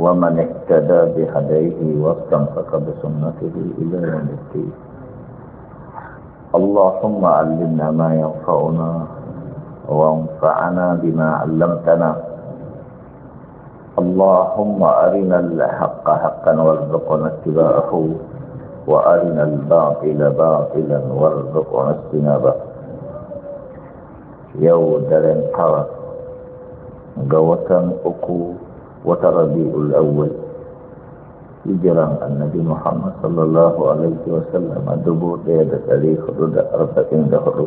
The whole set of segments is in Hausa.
ومن اهتدى بهديه واستمسك بسنته إلى يوم الدين اللهم علمنا ما ينفعنا وانفعنا بما علمتنا اللهم أرنا الحق حقا وارزقنا اتباعه وأرنا الباطل باطلا وارزقنا اجتنابه يودر انقرض قوة أكو wata rabi'ul awwal hijiran annabi Muhammad sallallahu alaihi wasallam a dubu ɗaya da ɗari hudu da arba'in da hudu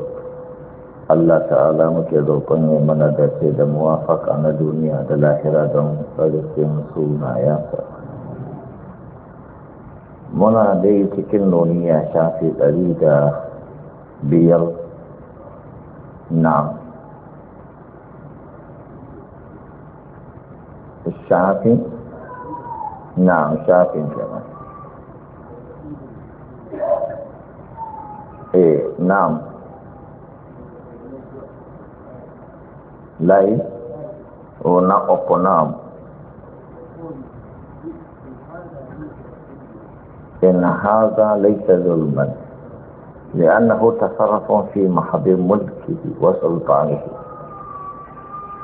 Allah ta'ala muke roƙon ya mana da ce da muwafaka na duniya da lahira don tsarkin sunayensa muna dai cikin noniya shafi ɗari da biyar na الشافي نعم شافي كمان ايه نعم لاي ونا نعم، اوكو نعم ان هذا ليس ظلما لانه تصرف في محض ملكه وسلطانه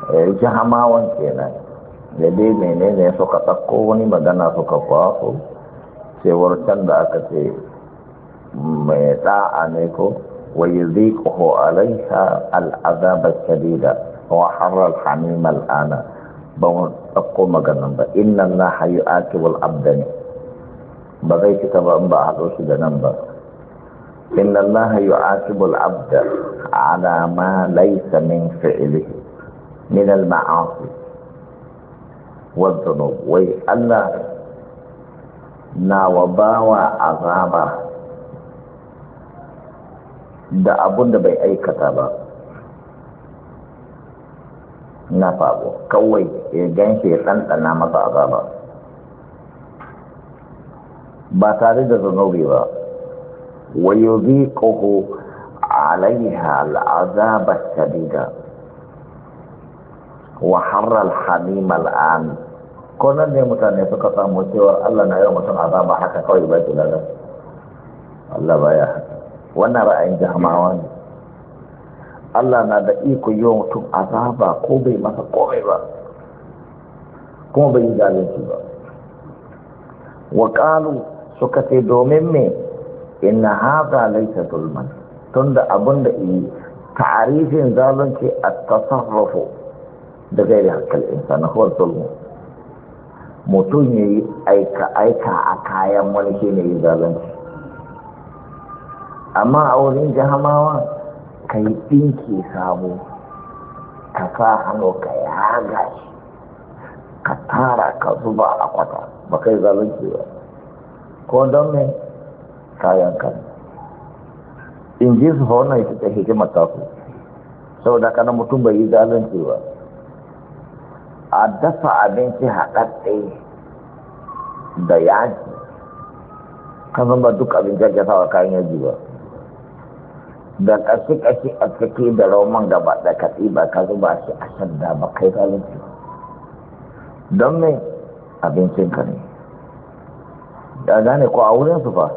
إيه، جهما وانكينا jadi ini yang suka takku wani magana suka kwaso cewar can da aka ce mai ɗa'a ne ko alaiha al-azab al al'azabar wa wa al hamim al-ana bawa takku maganan ba innan na hayu ake abdani bagai kita fita ba in ba haɗo shi da nan ba inna allaha yu'aqibu al-'abda ala ma laysa والذنوب wai Allah na wa bawa azaba da abun da bai aikata ba na faɓo kawai ya gan ya ɗanɗana masa azaba ba tare da zunubi ba wayo zai ƙoho alaiha al'azaba shadida wa harral hamim al'an ko nan ne mutane suka samu cewar Allah na yau mutum azaba haka kawai ba ki da Allah baya wannan ra'ayin jahmawa ne Allah na da iko yi wa mutum azaba ko bai masa komai ba kuma bai yi zalunci ba wa qalu suka ce domin me inna haza laysa zulman tunda abin da yi ta'arifin zalunci a tasarrufu da zai da hankali insana huwar zulmu mutum ya yi aika-aika a kayan mulki ne yi zalunci amma a wurin jahamawa ka yi ɗinki samu ka sa hannu ka yaga shi ka tara ka zuba a kwata ba kai zalunci ba ko don me kayan kan in ji su hona ita ta hikimar ku sau da kana mutum bai yi zalunci ba a dafa abinci haɗaɗɗe da yaji kan ba duk abinci ake sawa kayan yaji ba da ƙashi-ƙashi a ciki da roman gaba da katsi ba ka zuba shi a shadda ba kai zalunci don me ka ne da gane ko a wurin su ba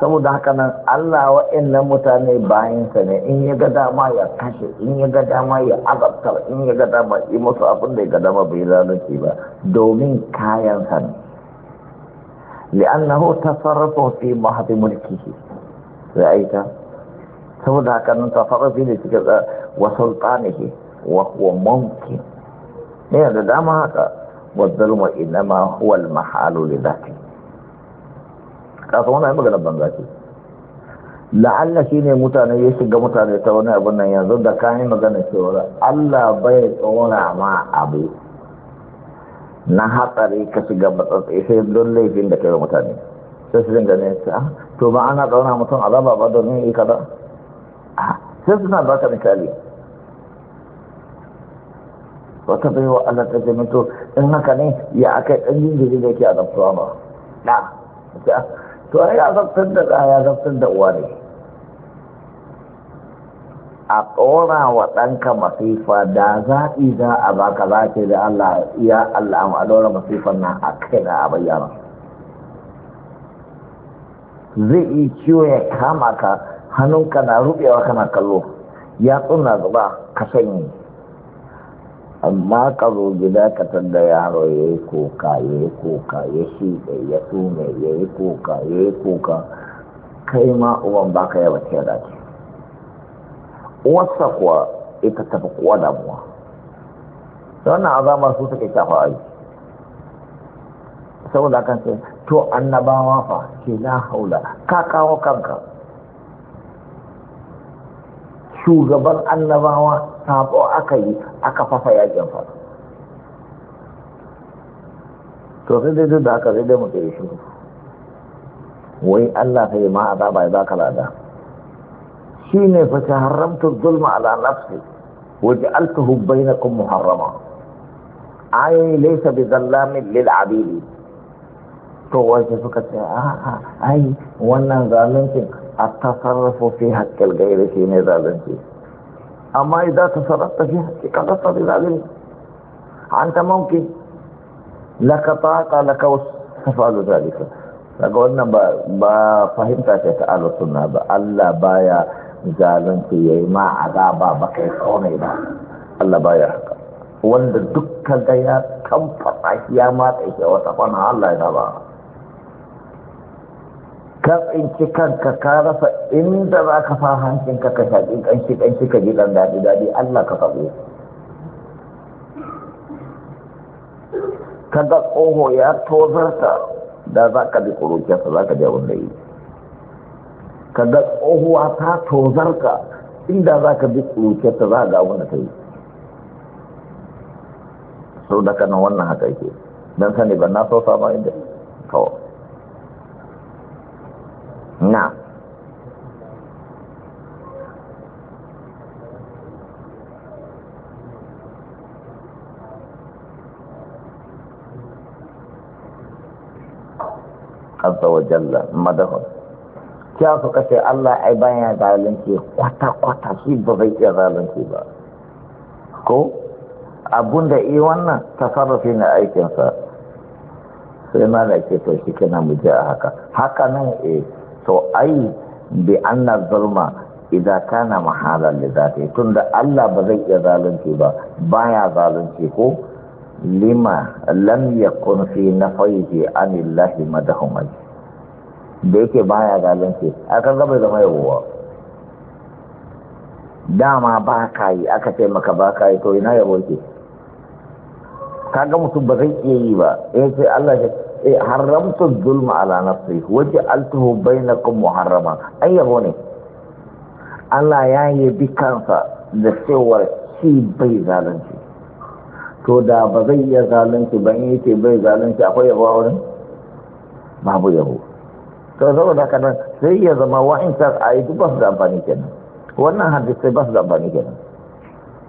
saboda haka nan Allah nan mutane bayansa ne in ya ga dama ya kashe in ya ga dama ya aza tawakkal in ya gada ma yi masu abin da ya gada ba bai zalunci ba domin kayan sa ne ta tasarrufu fi mahdi mulkihi aika saboda haka nan tasarrufi ne cikin wa sultanihi wa huwa mumkin da dama haka wa zalma ma huwa al mahalu li dhati wani wannan magana banza ce la'alla shi ne mutane ya shiga mutane ta wani abin nan yanzu da kayan magana cewa Allah bai tsora ma abu na hatsari ka shiga matsatsi sai don laifin da kai mutane sai su dinga ne ta ah, to ba ana tsauna mutum azaba ba domin yi kaza ah, sai suna baka misali wata bai wa Allah ta ce to in haka ne ya aka ɗan yin jiri da yake azabtuwa ba da ah, to ya zartar da ɗaya zartar da uwa ne a ƙora wa ɗanka masifa da zaɓi za a baka za ce da Allah iya Allah a ɗora masifan nan a kai na a bayyana zai yi ciwo ya kama ka hannunka na ruɓewa kana kallo ya tsuna zuba ka sanyi amma ka gida ka tanda yaro ya yi koka ya yi koka ya shiɗe ya tsume ya yi koka ya yi koka kai ma uwan ba ka yaba ta dace uwarsa kuwa ita tafi kuwa damuwa wannan azama su take shafa aiki saboda kan sai to annabawa fa ke na haula ka kawo kanka shugaban annabawa sabo aka yi aka fafa yakin fa to sai dai da aka sai dai mutu ya shuru wai Allah sai ma azaba ya baka lada shine fa ta haramtu zulma ala nafsi waj'altuhu bainakum muharrama ayi laysa bi zallamin lil abili. to wace suka ce a'a ai wannan zaluncin التصرف في حق الغير في نزال أما إذا تصرفت في حقك لست بظالم أنت ممكن لك طاقة لك تفعل ذلك daga wannan ba fahimta ce ta ala suna ba Allah baya zalunci ya yi ma azaba ba kai komai ba Allah baya wanda dukkan gaya ya kamfata ya matsa ke wata fana Allah ya ba ka tsinci kanka ka rasa inda za ka fa hancinka ka shaƙi ƙanshi ƙanshi ka ji ɗan daɗi daɗi Allah ka faɗo ka ga tsoho ya tozarta da za ka bi ƙuruciyarsa za ka je wanda yi ka ga ƙohuwa ta tozarta inda za ka bi ƙuruciyarsa za ga wanda ta yi sau da kanan wannan haka yake don sani ba na so sama inda kawai na azza wa jalla madahun kya su kace Allah ai baya zalunci kwata kwata shi ba zai iya zalunci ba ko abun da yi wannan tasarrufi na aikinsa sai ma da ke to shi kenan mu ji a haka haka nan eh to ai bi anna zulma idza kana mahalan li zati tunda Allah ba zai iya zalunci ba baya zalunci ko lima lam yakun fi nafaihi anillahi madahumai da yake baya zalunci aka ga bai zama yawowa dama ba ka yi aka ce maka ba ka yi to ina yabo ke kaga mutum ba zai iya yi ba eh ya ce Allah ya haramta zulma ala nafsi waje altuhu bainakum muharrama ai yabo ne Allah ya bi kansa da cewar shi bai zalunci to da ba zai iya zalunci ban yi ce bai zalunci akwai yabo a wurin babu yabo to saboda ka nan sai ya zama a yi ba su da amfani kenan wannan hadisai ba su da amfani kenan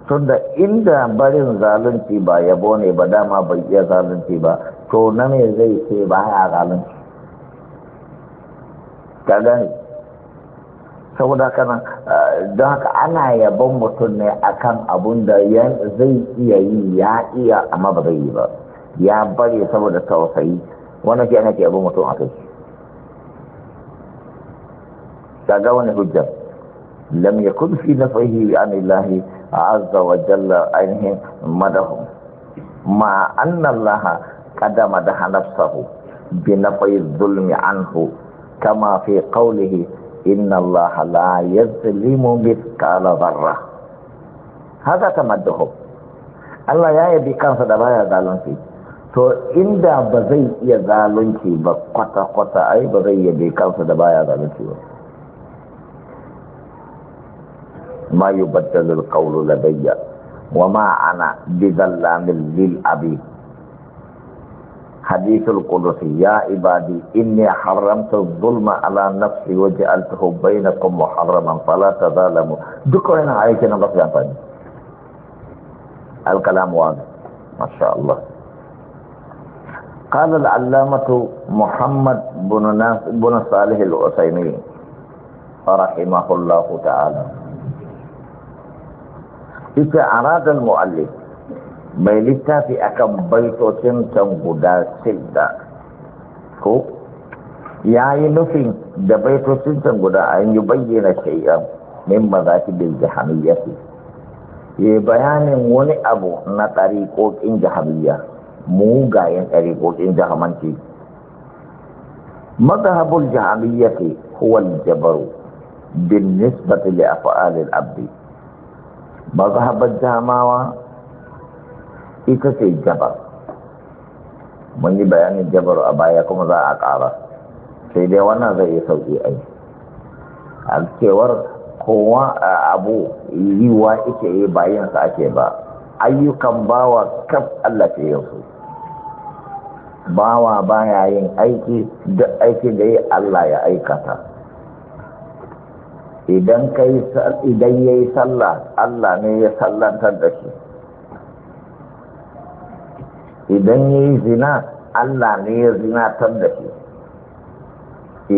tunda inda barin zalunci ba yabo ne ba dama bai iya zalunci ba to na me zai ce ba ya zalunci ka gani saboda kana eh, don haka ana yabon mutum ne akan abun da zai iya yi ya iya amma ba zai yi ba ya bari saboda tausayi wannan ke ana ke yabon mutum a kai kaga wani hujjar lam yakun fi nafihi an ilahi azza wa jalla ainihin madahu ma anna allaha قد مدح نفسه بنفي الظلم عنه كما في قوله إن الله لا يظلم مثقال ذرة هذا تمدهم Allah ya yabi kansa da baya zalunci to inda ba zai iya zalunci ba kwata-kwata ai ba zai yabi kansa da baya zalunci ba ma yubaddalu alqawlu ladayya wa ma ana bizallamin lil abid حديث القدسي يا عبادي إني حرمت الظلم على نفسي وجعلته بينكم محرما فلا تظالموا ذكرنا عليك نبص يا الكلام واضح ما شاء الله قال العلامة محمد بن, ناس بن صالح العثيمين رحمه الله تعالى إذا أراد المؤلف mai littafi akan baitocin can guda shida, ko ya yi nufin da baitocin can guda an yi bayyana shay'an min ki bil su ya bayanin wani abu na ɗariƙoƙin jahamiyya mugayen ɗariƙoƙin jahamanci mazhabul jahamiyyati huwa al-jabaru bin nisbatu li af'alil abdi mazhabar jamawa ita ce jabar mun yi bayanin jabar a baya kuma za a ƙara sai dai wannan zai yi sauƙi ai a cewar kowa a abu yiwa ike yi bayansa ake ba ayyukan bawa kaf Allah ce su. bawa baya yin aiki duk aiki da yi Allah ya aikata idan idan yayi sallah Allah ne ya sallantar da shi idan ya yi zina Allah ne ya zinatar da shi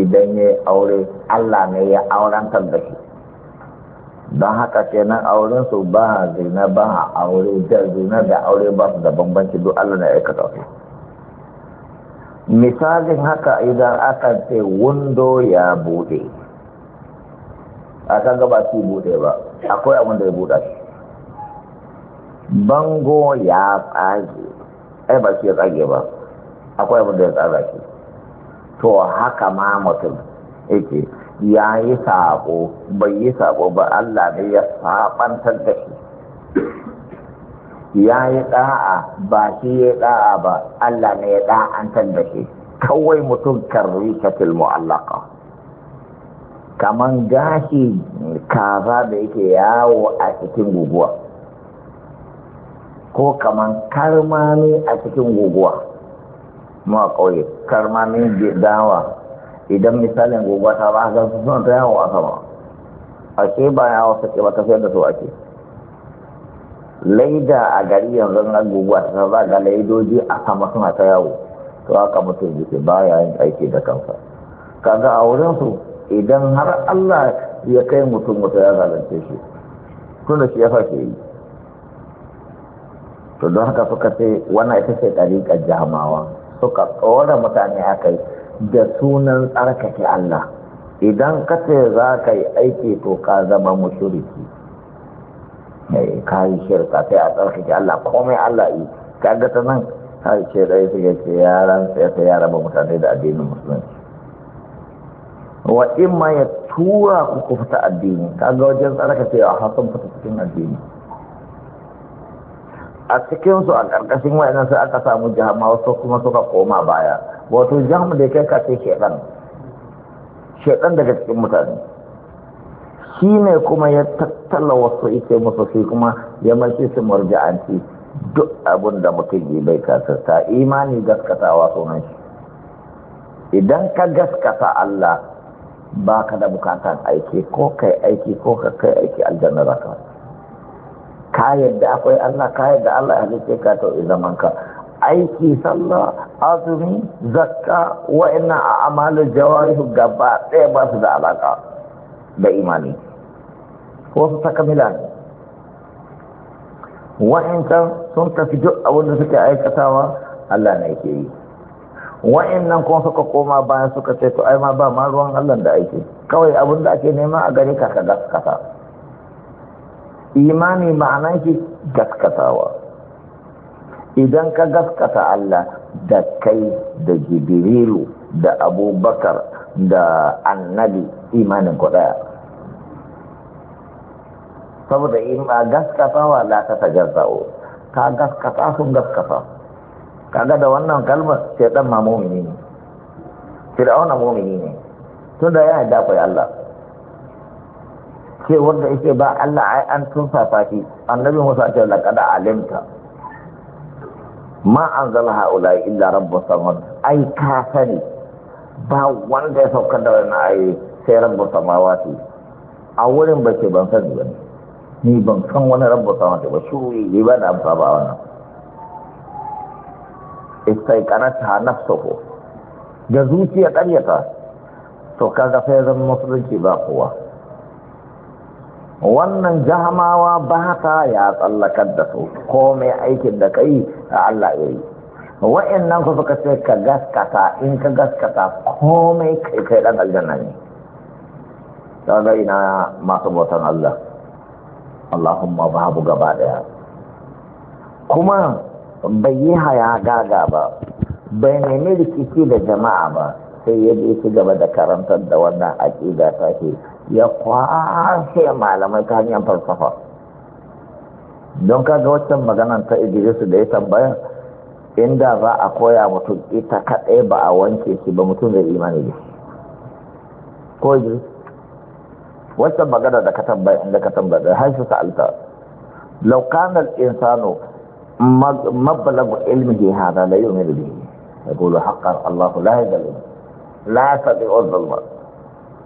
idan ya yi aure Allah ne ya aurantar da shi don haka kenan auren su ba zina ba aure da zina da aure ba su da bambanci duk Allah na aika aikata misalin haka idan aka ce wundo ya bude a kan gaba su bude ba akwai abin da ya buɗa shi bango ya tsage ai ba shi ya tsage ba akwai abin da ya tsaga shi to haka ma mutum yake ya yi saƙo bai yi saƙo ba Allah ne ya saɓantar da shi ya yi ɗa'a ba shi ya ɗa'a ba Allah ne ya ɗa'antar da shi kawai mutum karri katil mu'allaka kaman gashi kaza da yake yawo a cikin guguwa ko kaman karmami a cikin guguwa mu a ne da dawa idan misalin guguwa ta ba ga su suna ta yawo a sama ce ba ya wasa ke ba tafiyar da su ake laida a gari yanzu na guguwa ta ba ga laidoji a sama suna ta yawo to haka mutum jiki ba ya yin aiki da kansa kaga a wurin su idan har Allah ya kai mutum mutum ya zalunce shi tunda shi ya fashe yi to don haka suka ce wannan ita ce ɗariƙar jamawa suka tsoron mutane aka yi da sunan tsarkake Allah idan ka ce za ka yi aiki to ka zama mushuriki eh, ka yi shirka sai a tsarkake Allah komai Allah yi ka nan har ce dai suke ce yaran sai ta yara ba mutane da addinin musulunci wa ma ya tura ku ku fita addini kaga wajen tsarkake a hasan fita cikin addini a cikin su a ƙarƙashin wayannan sai aka samu jahama wasu kuma suka koma baya wato jahama da kai ce shedan shedan daga cikin mutane shi ne kuma ya tattala wasu ike musu shi kuma ya mace su murja'anci duk abin da mutum yi bai kasarta imani gaskatawa sunan shi idan ka gaskata Allah ba ka da bukatan aiki ko kai aiki ko ka kai aiki aljanna zaka ka yadda akwai Allah ka yadda Allah ya halice ka to zaman ka aiki sallah azumi zakka wa'annan a amalin jawari gaba ɗaya ba su da alaka da imani wasu takamila ne wa'ancan sun tafi duk abin da suke aikatawa Allah na ke yi wa'annan kuma suka koma bayan suka ce to ai ma ba ma ruwan Allah da aiki kawai abin da ake nema a gare ka ka gaskata imani ma'ana shi gaskatawa idan ka gaskata Allah da kai da jibrilu da abubakar da annabi imanin kudaya daya saboda in ba gaskatawa la ta tajazza'u ka gaskata sun gaskata kaga da wannan kalmar sai dan ma mu'mini ne fir'auna mu'mini ne tunda ya da kai Allah sai wanda yake ba Allah ai an tun safafi annabi Musa ce laqad alimta ma anzala haula illa rabbu samad ai ka sani ba wanda ya sauka da wannan ayi sai rabbu samawati a wurin ba ce ban sani ba ni ban san wani rabbu samawati ba shi ne ba da amsa ba wannan istaiqanata nafsuhu da zuciya ƙaryata to kaga sai zan musulunci ba kowa wannan jahamawa ba ta ya tsallakar da su komai aikin da kai a Allah ya yi wa'annan ku suka ce ka gaskata in ka gaskata komai kai kai dan aljanna ne kaga ina masu bautan Allah Allahumma babu gaba daya kuma bai yi haya gaga ba bai nemi rikici da jama'a ba sai ya ci gaba da karantar da wannan aƙida ta ke ya kwashe malamai ta hanyar falsafa don kaga waccan maganan ta idrisu da ya tambaya inda za a koya mutum ita kaɗai ba a wanke shi ba mutum zai imani da ko yi waccan magana da ka tambaya inda ka tambaya da haifu sa'alta laukanar insano ilmi ke hada la yu'minu bihi haƙar allahu allah da yadhlim la tadi'u dhulma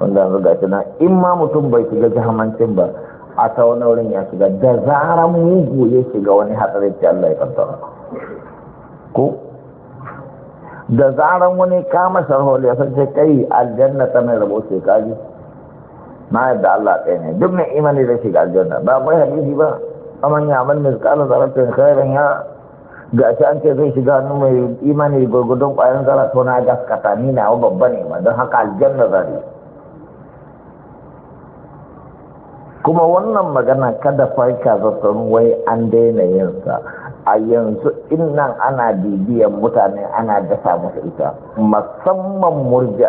wanda yanzu riga in ma mutum bai shiga jahamancin ba a ta wani wurin ya shiga da zaran mugu ya shiga wani hatsari ce Allah ya kanta ko da zaran wani kama sarhol ya san ce kai aljanna ta mai rabo ce kaji na yadda Allah ɗaya ne duk mai imani da shiga aljanna ba bai hadisi ba amma ya amal kala zarratin khairan ya ga shi an ce zai shiga hannu mai imani gurgudun ƙwayan zara to na gaskata ni na babba ne ma don haka aljanna zari kuma wannan magana kada farka zaton wai an daina yinsa a yanzu innan ana bibiyan mutane ana dasa musu ita musamman ce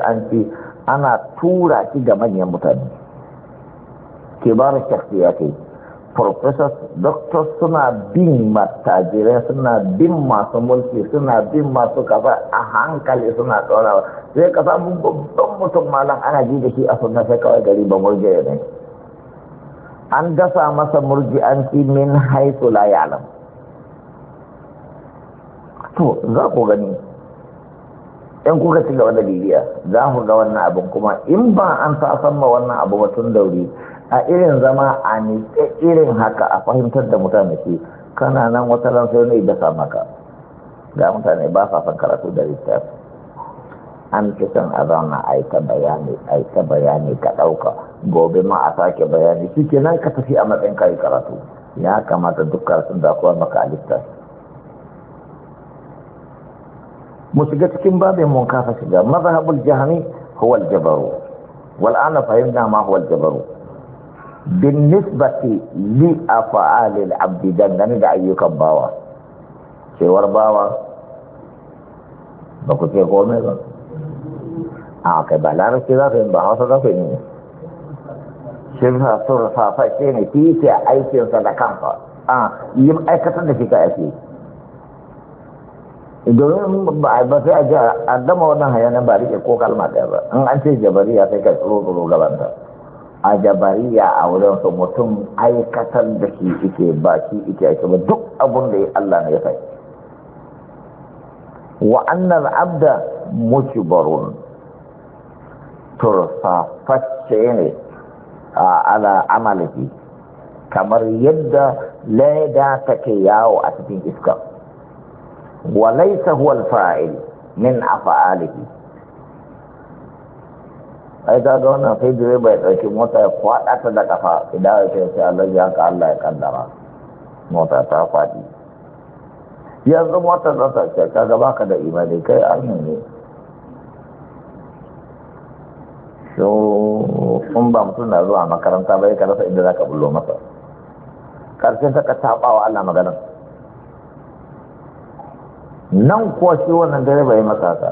ana tura shi ga manyan mutane kibar shakhsiya kai professors doctors suna bin matajirai suna bin masu mulki suna bin masu kafa a hankali suna tsorawa sai ka samu babban mutum malam ana ji da shi a sunan sai kawai gari ba murje ne an dasa masa murji'anci min haisu la ya'lam to za ku gani in kuka ci gaba da bibiya za ku ga wannan abin kuma in ba an ta samma wannan abu ba batun dauri a irin zama a nitse irin haka a fahimtar da mutane ke kana nan wata ran sai ne da maka ga mutane ba sa son karatu da littafi an fi son a zauna a ta bayani a ta bayani ka ɗauka gobe ma a sake bayani shi ke nan ka tafi a matsayin kayi karatu ya kamata duk karatun da kuwa maka a littar mu shiga cikin babin mun kafa shiga mazhabul jahani huwa al-jabaru wal ana fahimna ma huwal jabaru bin nisbati li a al-abdi dangane da ayyukan bawa cewar bawa ba ku ce komai ba a kai ba larabci za su yi ba hausa za su yi shirfa surfa fashe ne fi ce aikinsa da kansa a yi aikatar da shi ka aiki domin ba sai a ji a dama wannan hayanin ba rike ko kalma ɗaya ba in an ce jabariya sai ka tsoro tsoro gaban gabanta a jabariya a wurin su mutum aikatar da shi ike ba shi ike aiki ba duk abun da ya Allah ne ya sai wa annal abda mujbarun tursafacce ne a ala amalihi kamar yadda laida take yawo a cikin iska wa laysa huwa al-fa'il min af'alihi ai ga ga wannan sai direba ya dauki mota ya kwada ta da kafa idan ya ce sai Allah ya ka Allah ya kaddara mota ta kwadi yanzu mota za ta ce kaga baka da imani kai arni ne sun ba mutum na zuwa makaranta bai ka rasa inda za ka bullo masa ƙarshen ta ka taɓa wa Allah maganar nan kuwa shi wannan dare bai masa ka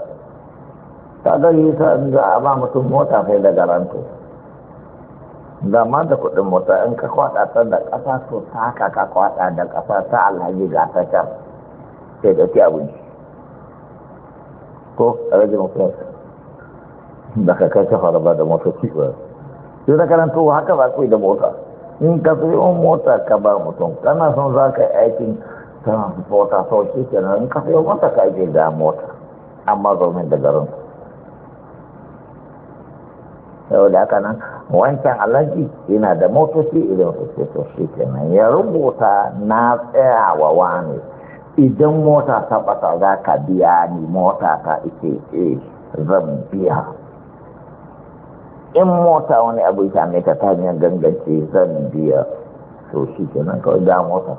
ta gari ta za a ba mutum mota kai da garanto da ma da kuɗin mota in ka kwaɗa ta da ƙasa to ta haka ka kwaɗa da ƙasa ta alhaji ga ta can sai da ke abinci ko a rage mutum da ka kai kafa raba da motoci ba sai da karanto haka ba kai da mota in ka sai on mota ka ba mutum kana son za ka yi aikin transport a sauki kenan in ka sai on mota ka aike da mota amma zaunin da garin yau da haka nan wancan alaji yana da motoci idan su ce to shi kenan ya rubuta na tsayawa wani idan mota ta ɓasa za ka biya ni mota ta ike zan biya in mota wani abu ya same ka ta hanyar gangance zan biya to shi kenan kawai da mota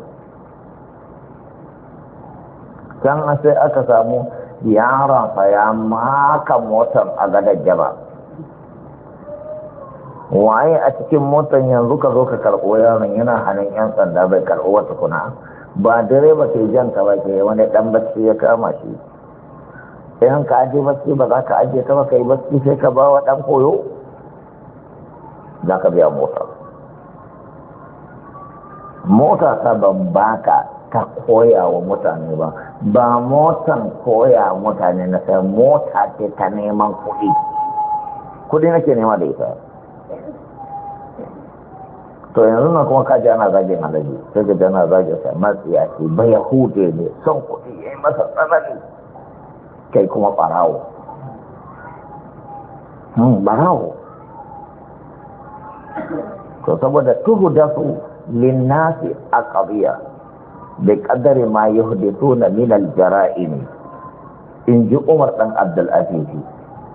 can sai aka samu yaron fa ya maka motar a gadar jaba waye a cikin motar yanzu ka zo ka karɓo yaron yana hannun yan sanda bai karɓo wata kuna ba direba ke jan ka ba ke wani ɗan bacci ya kama shi in ka aje bacci ba za ka aje ka ba ka yi bacci sai ka ba wa ɗan koyo za ka biya mota mota ta ban ka ta koya wa mutane ba ba motan koya mutane na sai mota ce ta neman kuɗi kuɗi nake nema da ita to yanzu na kuma kaji ana zagin alaji sai ga jana zagin sai matsiya ce ba ya yahude ne son kuɗi ya yi masa tsanani kai kuma ɓarawo hmm, ɓarawo to saboda tuhu da su linnasi a ƙabiya da ƙaddare ma yi hudu na minal jara'ini in ji umar ɗan abdulazizi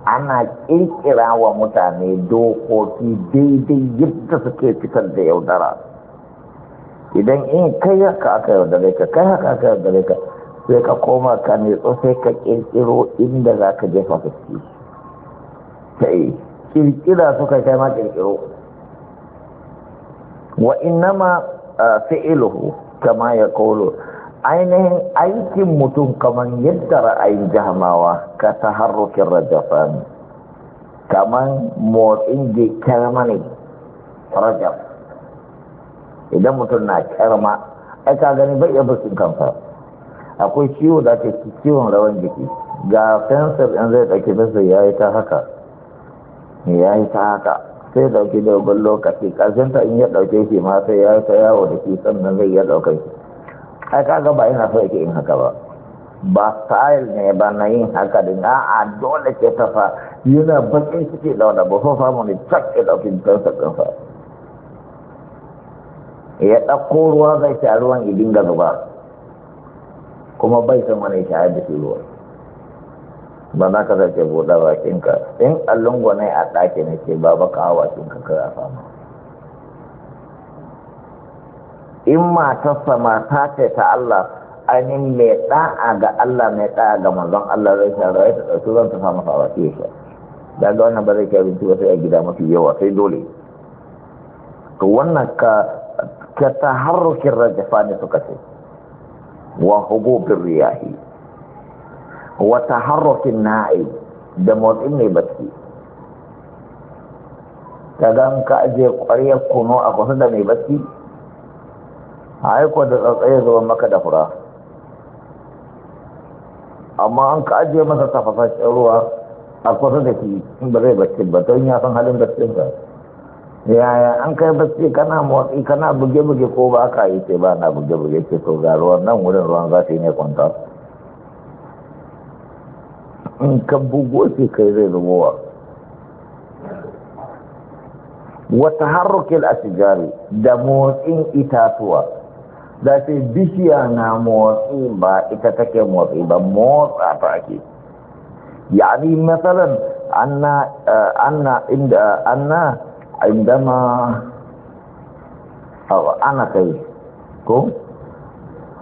ana ƙirƙira wa mutane dokoki daidai yadda suke fitar da yaudara idan in kai haka aka yaudare ka kai haka aka yaudare ka sai ka koma ka ne sai ka ƙirƙiro inda za ka jefa fuski ta yi ƙirƙira suka kai ma ƙirƙiro wa innama ah, fi'iluhu kama ya kolo ainihin aikin mutum kamar yadda ra'ayin jahamawa ka ta harrokin rajafan kamar motsin da kyarma ne rajaf idan mutum na kyarma ai ka gani bai iya bukin kansa akwai ciwo da ke ciwon rawan jiki ga fensir in zai ɗauki fensir ya yi ta haka ya yi ta haka sai dauki dogon lokaci ƙarshen in ya dauke shi ma sai ya ta yawo da shi sannan zai ya dauke shi ai kaga ba ina so yake in haka ba ba style ne ba na yin haka din a dole ke tafa, yana bakin ciki da wanda ba so samu ne cak ya dauki kansa kansa ya ɗauko ruwa zai sha ruwan idin ga zuba kuma bai san wani shayar da shi ruwa ba za ka sake buɗa bakinka in allon gwane a ɗaki ne ke ba baka hawa kai a fama in sama ta ce ta Allah ainihin mai ɗa'a ga Allah mai ɗa'a ga manzon Allah zai sha rawai ta ɗauki zan ta samu fawa ce shi da ga wannan ba zai sha binci wasu gida mafi yawa sai dole to wannan ka ka taharrukin rajafa ne suka ce wa hububin riyahi wata harrafin na'i da motsin mai bacci ta gan ka aje ƙwaryar kuno a kusa da mai bacci a aiko da tsatsaye zuwa maka da fura amma an ka aje masa tafasashen ruwa a kusa da shi in ba zai bacci ba don ya san halin baccin yaya an kai bacci kana motsi kana buge-buge ko ba ka yi ce ba na buge-buge ce to ga ruwan nan wurin ruwan zafi ne kwanta in ka bugo shi kai zai zubowa wata harrukin ashigari da motsin itatuwa da ce bishiya na motsi ba ita take motsi ba motsa ta ake ni matsalan anna eh, anna inda anna indama ana kai ko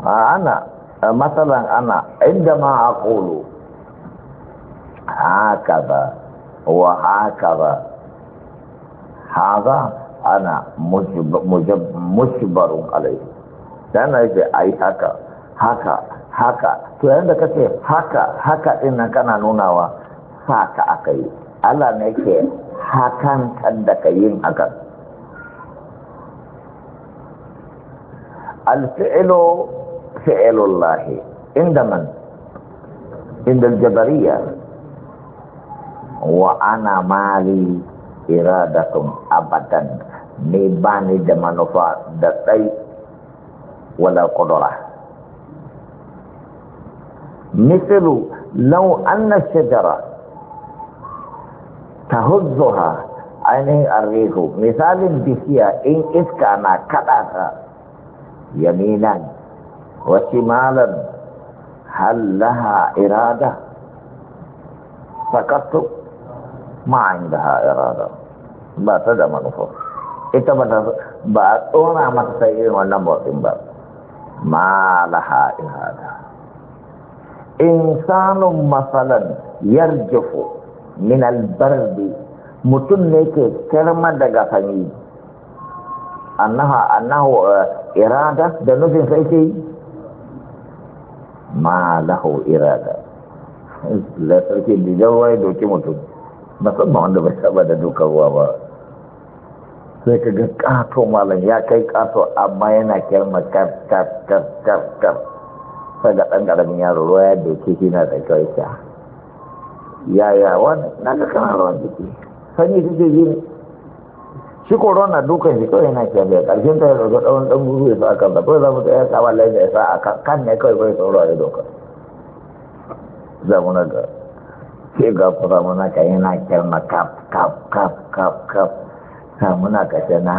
ah, ana eh, matsalan ana indama aqulu hakaza wa hakaza haza ana mujabbarun alai dan aje ai haka haka haka to yanda kace haka haka din kana nunawa haka akai Allah ne ke hakan kan da kayin haka الفعل فعل الله عند من عند الجبريه wa ana mali iradatum abadan ni ba ni da manufa da tsai wala kudura misalu lau anna shajara ta huzzuha ainihin arrihu misalin bishiya in iska na kaɗa ka yaminan wasu malan hallaha irada sakattu ma indaha irada ba ta da ita bata ba a tsora mata sai irin wannan motsin ba ma laha irada insanun masalan yarjufu min albardi mutum ne ke kirma daga sanyi annaha annahu eh, irada da nufin sai ce ma irada la doki mutum musamman wanda bai saba da dokar ruwa ba sai ka ga kato malam ya kai kato amma yana kyarma kar kar kar kar kar sai ga ɗan ƙaramin yaro ruwa ya doke shi na da kyau ya yaya wani na ga kana ruwan jiki sani su ce zini shi na dukan shi kawai yana kyarma ya ƙarshen ta ya ɗauka ɗan ɗan buru ya sa a kan da kawai za mu tsaya sa da ya sa a kan ne kawai bai tsoro a yi dokar za mu na ga sai fura muna ka yana kyarma kap kap kap kap kap sa muna ka ce na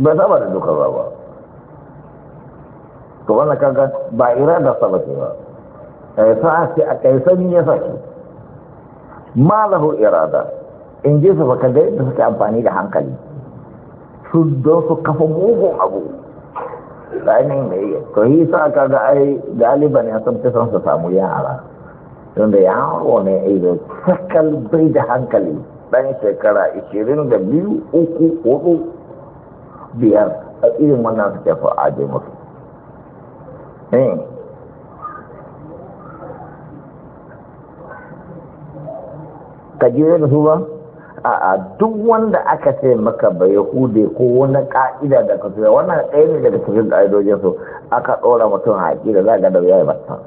ba za ba da duka ba ba ko wannan kaga ba irada da ce ba sa'a ce a kai sani ya sake ma lahu irada in ji su baka ga yadda suke amfani da hankali su don su kafa mugun abu tsanin mai to yi sa ka ga ai galiban ya sun fi son su samu yara don da yaro ne yi sakal bai da hankali ɗan shekara ishirin uku hudu biyar a irin wannan su a aje musu ka jira da su ba a'a duk wanda aka ce maka ba yahude ko wani ka'ida da ka tuya wannan ɗaya ne daga cikin ka'idojin su aka ɗora mutum a da za ga da ya yi batta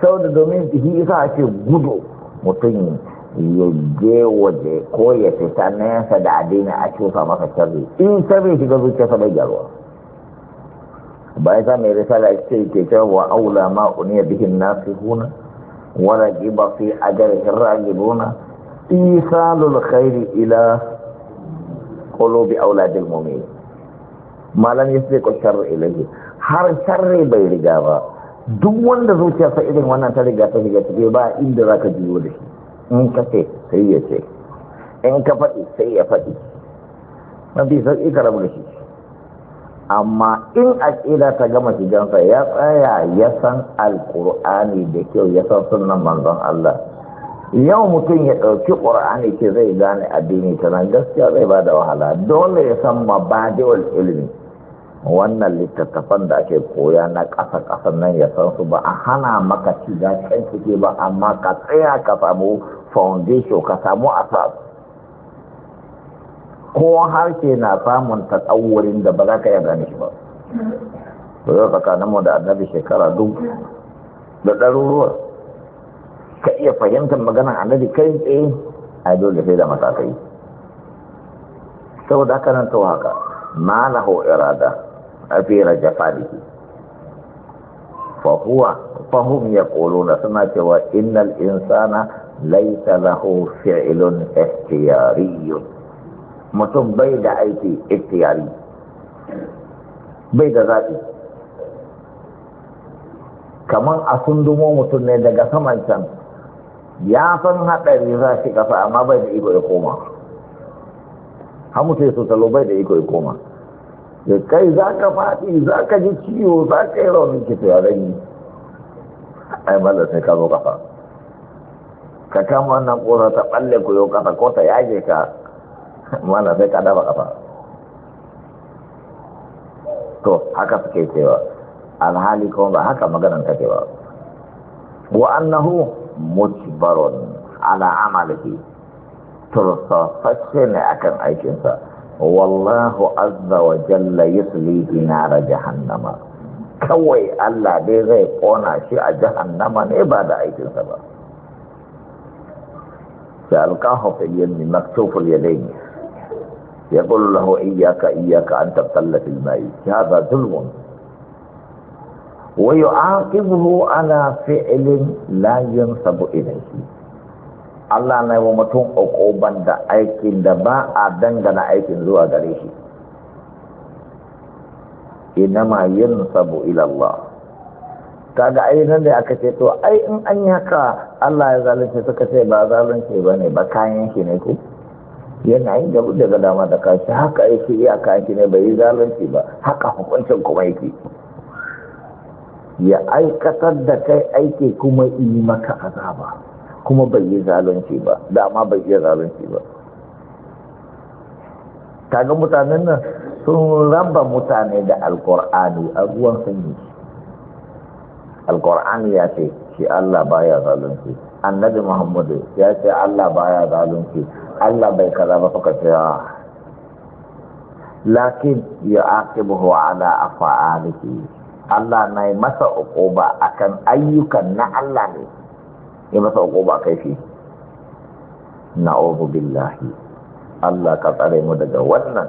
saboda domin shi isa ce gudu mutum ya je waje ko ya fita nesa da addini a cusa masa sharri in sharri shiga zuciyarsa bai gyaruwa bayan sa mai risala ce ke cewa wa aula ma uniya huna? nasihuna wa a fi ajrihir ragibuna isalul khairi ila qulubi auladil mu'min malam yasbi ko sharru ilayhi har sharri bai riga ba duk wanda zuciyarsa irin wannan ta riga ta riga take ba inda zaka biyo da shi in ka ce sai ya ce in ka faɗi sai ya faɗi mafi sauƙi ka rabu da shi amma in aƙida ta gama shigansa ya tsaya ya san alƙur'ani da kyau ya san sunan manzon Allah yau mutum ya ɗauki ƙur'ani ce zai gane addini ta nan gaskiya zai ba da wahala dole ya san mabadi'ul ilimi. wannan littattafan da ake koya na ƙasa ƙasan nan ya san su ba a hana maka ci da can ciki ba amma ka tsaya ka samu foundation ka samu asas ko harshe na samun tasawurin da ba za ka iya gane shi ba zai tsakanin tsakaninmu da annabi shekara dubu da ɗaruruwa ka iya fahimtar maganar annabi kai tsaye a dole sai da matakai da haka nan to haka ma lahu irada a fi rajafalihi fa huwa fa hum yaquluna suna cewa innal insana laysa lahu fi'lun ikhtiyariyun mutum bai da aiki ikhtiyari bai da zaɓi kamar a sundumo mutum ne daga saman can ya san haɗari za shi ƙasa amma bai da iko ya koma hamu sai su salo bai da iko ya koma da kai za ka faɗi za ka ji ciwo za ka yi raunin ki ya rage ai mala sai ka zo ƙafa ka kama wannan ƙora ta ɓalle ku yau ƙasa ko ta yage ka mana sai ka daba kafa. to haka suke cewa alhali kuma ba haka maganan kake ba wa annahu مجبر على عمله ترصى فشل أكن أيشن والله عز وجل يصلي في نار جهنم كوي ألا بيغي قونا شيء جهنم إبادة اي سبا سالقاه في اليمن مكتوف اليدين يقول له إياك إياك أن تبتل في الماء هذا ظلم wa yu'aqibuhu ala fi'lin la yansabu ilayhi Allah na yi wa mutum uquban da aikin da ba a dangana aikin zuwa gare shi inama yansabu ila Allah kaga ai nan da aka ce to ai in an yaka Allah ya zalunce suka ce ba zalunce bane ba kayan shi ne ko yana yin gabu daga dama da kashi haka yake a kashi ne bai yi zalunci ba haka hukuncin kuma yake ya aikatar da kai aiki kuma yi maka azaba kuma bai yi zalunci ba dama bai yi zalunci ba kaga mutanen nan sun raba mutane da alkur'ani a ruwan sanyi alkur'ani ya ce shi Allah baya zalunci annabi muhammadu ya ce Allah baya zalunci Allah bai kaza ba suka ce ah. lakin ya aqibuhu ala afa'alihi Allah na yi masa a kan ayyukan na Allah ne ya masa uquba kai shi na'udhu billahi Allah ka tsare mu daga wannan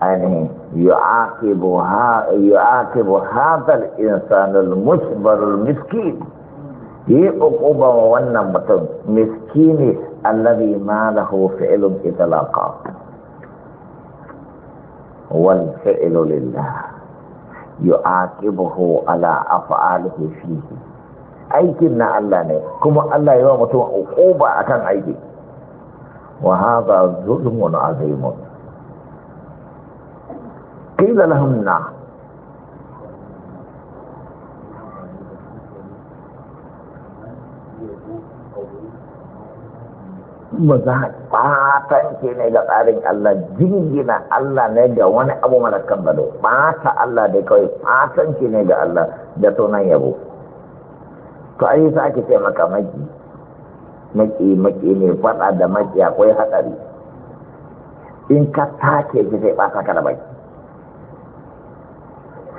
ainihin yu'aqibu ha yu'aqibu hadha al-insanu al-musbar miskin yi uquba wannan mutum miskini alladhi ma lahu fi'lun itlaqa wal fi'lu lillah yu'aqibuhu ala af'alihi fihi aikin na Allah ne kuma Allah ya wa mutum uquba akan aiki wa hadha zulmun azimun qila lahum na za maza batanci ne ga tsarin Allah jingina Allah ne ga wani abu mara kabbalo bata Allah dai kawai batanci ne ga Allah da sunan yabo to ai sa ake ce maka maki maki maki ne fada da maki akwai haɗari. in ka take ki sai bata ka da baki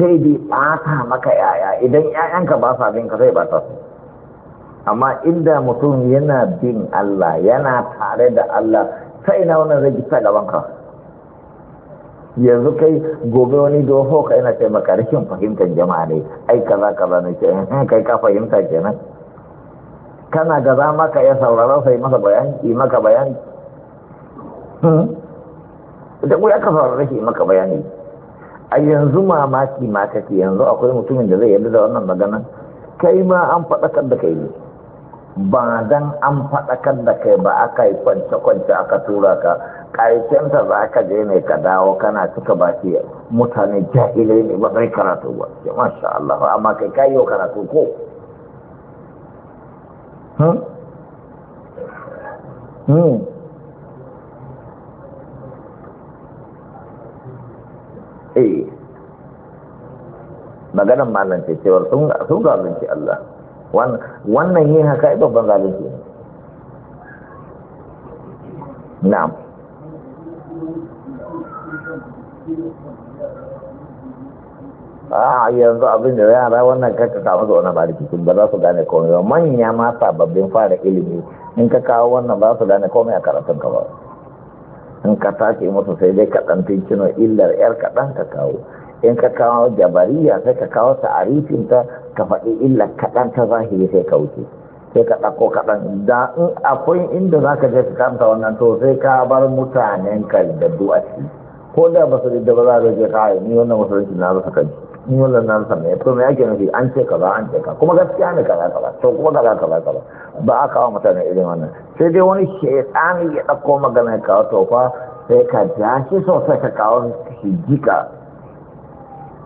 sai dai bata maka yaya idan yayanka ba sa bin ka sai bata su amma inda mutum yana bin Allah yana tare da Allah sai na wani zai gaban ka? yanzu kai gobe wani doho ka yana ce makarikin fahimtar jama'a ne ai kaza kaza ne ce eh, kai ka fahimta kenan kana ga za maka ya saurara sai masa bayani yi maka bayani hmm? da ku ya ka saurara shi maka bayani a yanzu mamaki ma kake yanzu akwai mutumin da zai yarda da wannan magana kai ma an faɗakar da kai ne ba dan an faɗakar da kai ba aka yi kwance-kwance aka tura ka ƙarshenta za ka je ne ka dawo kana cika ke mutane jahilai ne ba zai karatu ba ke sha Allah amma kai ka yi karatu ko hmm? Hmm? eh maganan malam ce cewar sun ga zunci Allah wannan yin haka yi babban zalunci ne na'am a ah, yanzu abin da yara wannan karka samu zaune wannan ba cikin ba za su gane komai ba manya ma sababbin fara ilimi in ka kawo wannan ba su gane komai a karatun ka ba in ka tafi musu sai dai kaɗan tinkino illar yar kaɗan ka kawo in ka kawo jabariya sai ka kawo ta'arifinta ka faɗi illa kaɗan ta zahiri sai ka wuce sai ka ɗauko kaɗan da in akwai inda za ka je ka kanta wannan to sai ka bar mutanen ka da du'aci ko da ba su da ba za ka je kawai ni wannan musulunci na rasa kai ni wannan na rasa mai to me ake nufi an ce kaza an ce ka kuma gaskiya ne kaza kaza to kuma kaza kaza kaza ba a kawo mutanen irin wannan sai dai wani shaitani ya ɗauko magana kawo to fa sai ka ja shi sosai ka kawo shi jika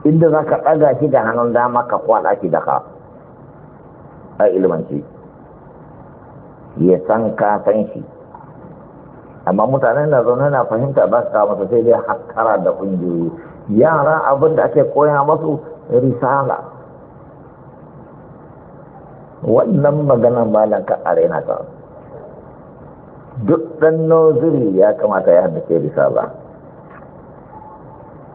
inda za ka ɗaga shi da hannun dama ka kwaɗa shi da ka a ilmanci ya san ka san shi amma mutane na zaune na fahimta ba su kawo masa sai dai hakkara da ƙungiyoyi yara abin da ake koya masu risala wannan maganan malam ka arena ta duk ɗan noziri ya kamata ya ke risala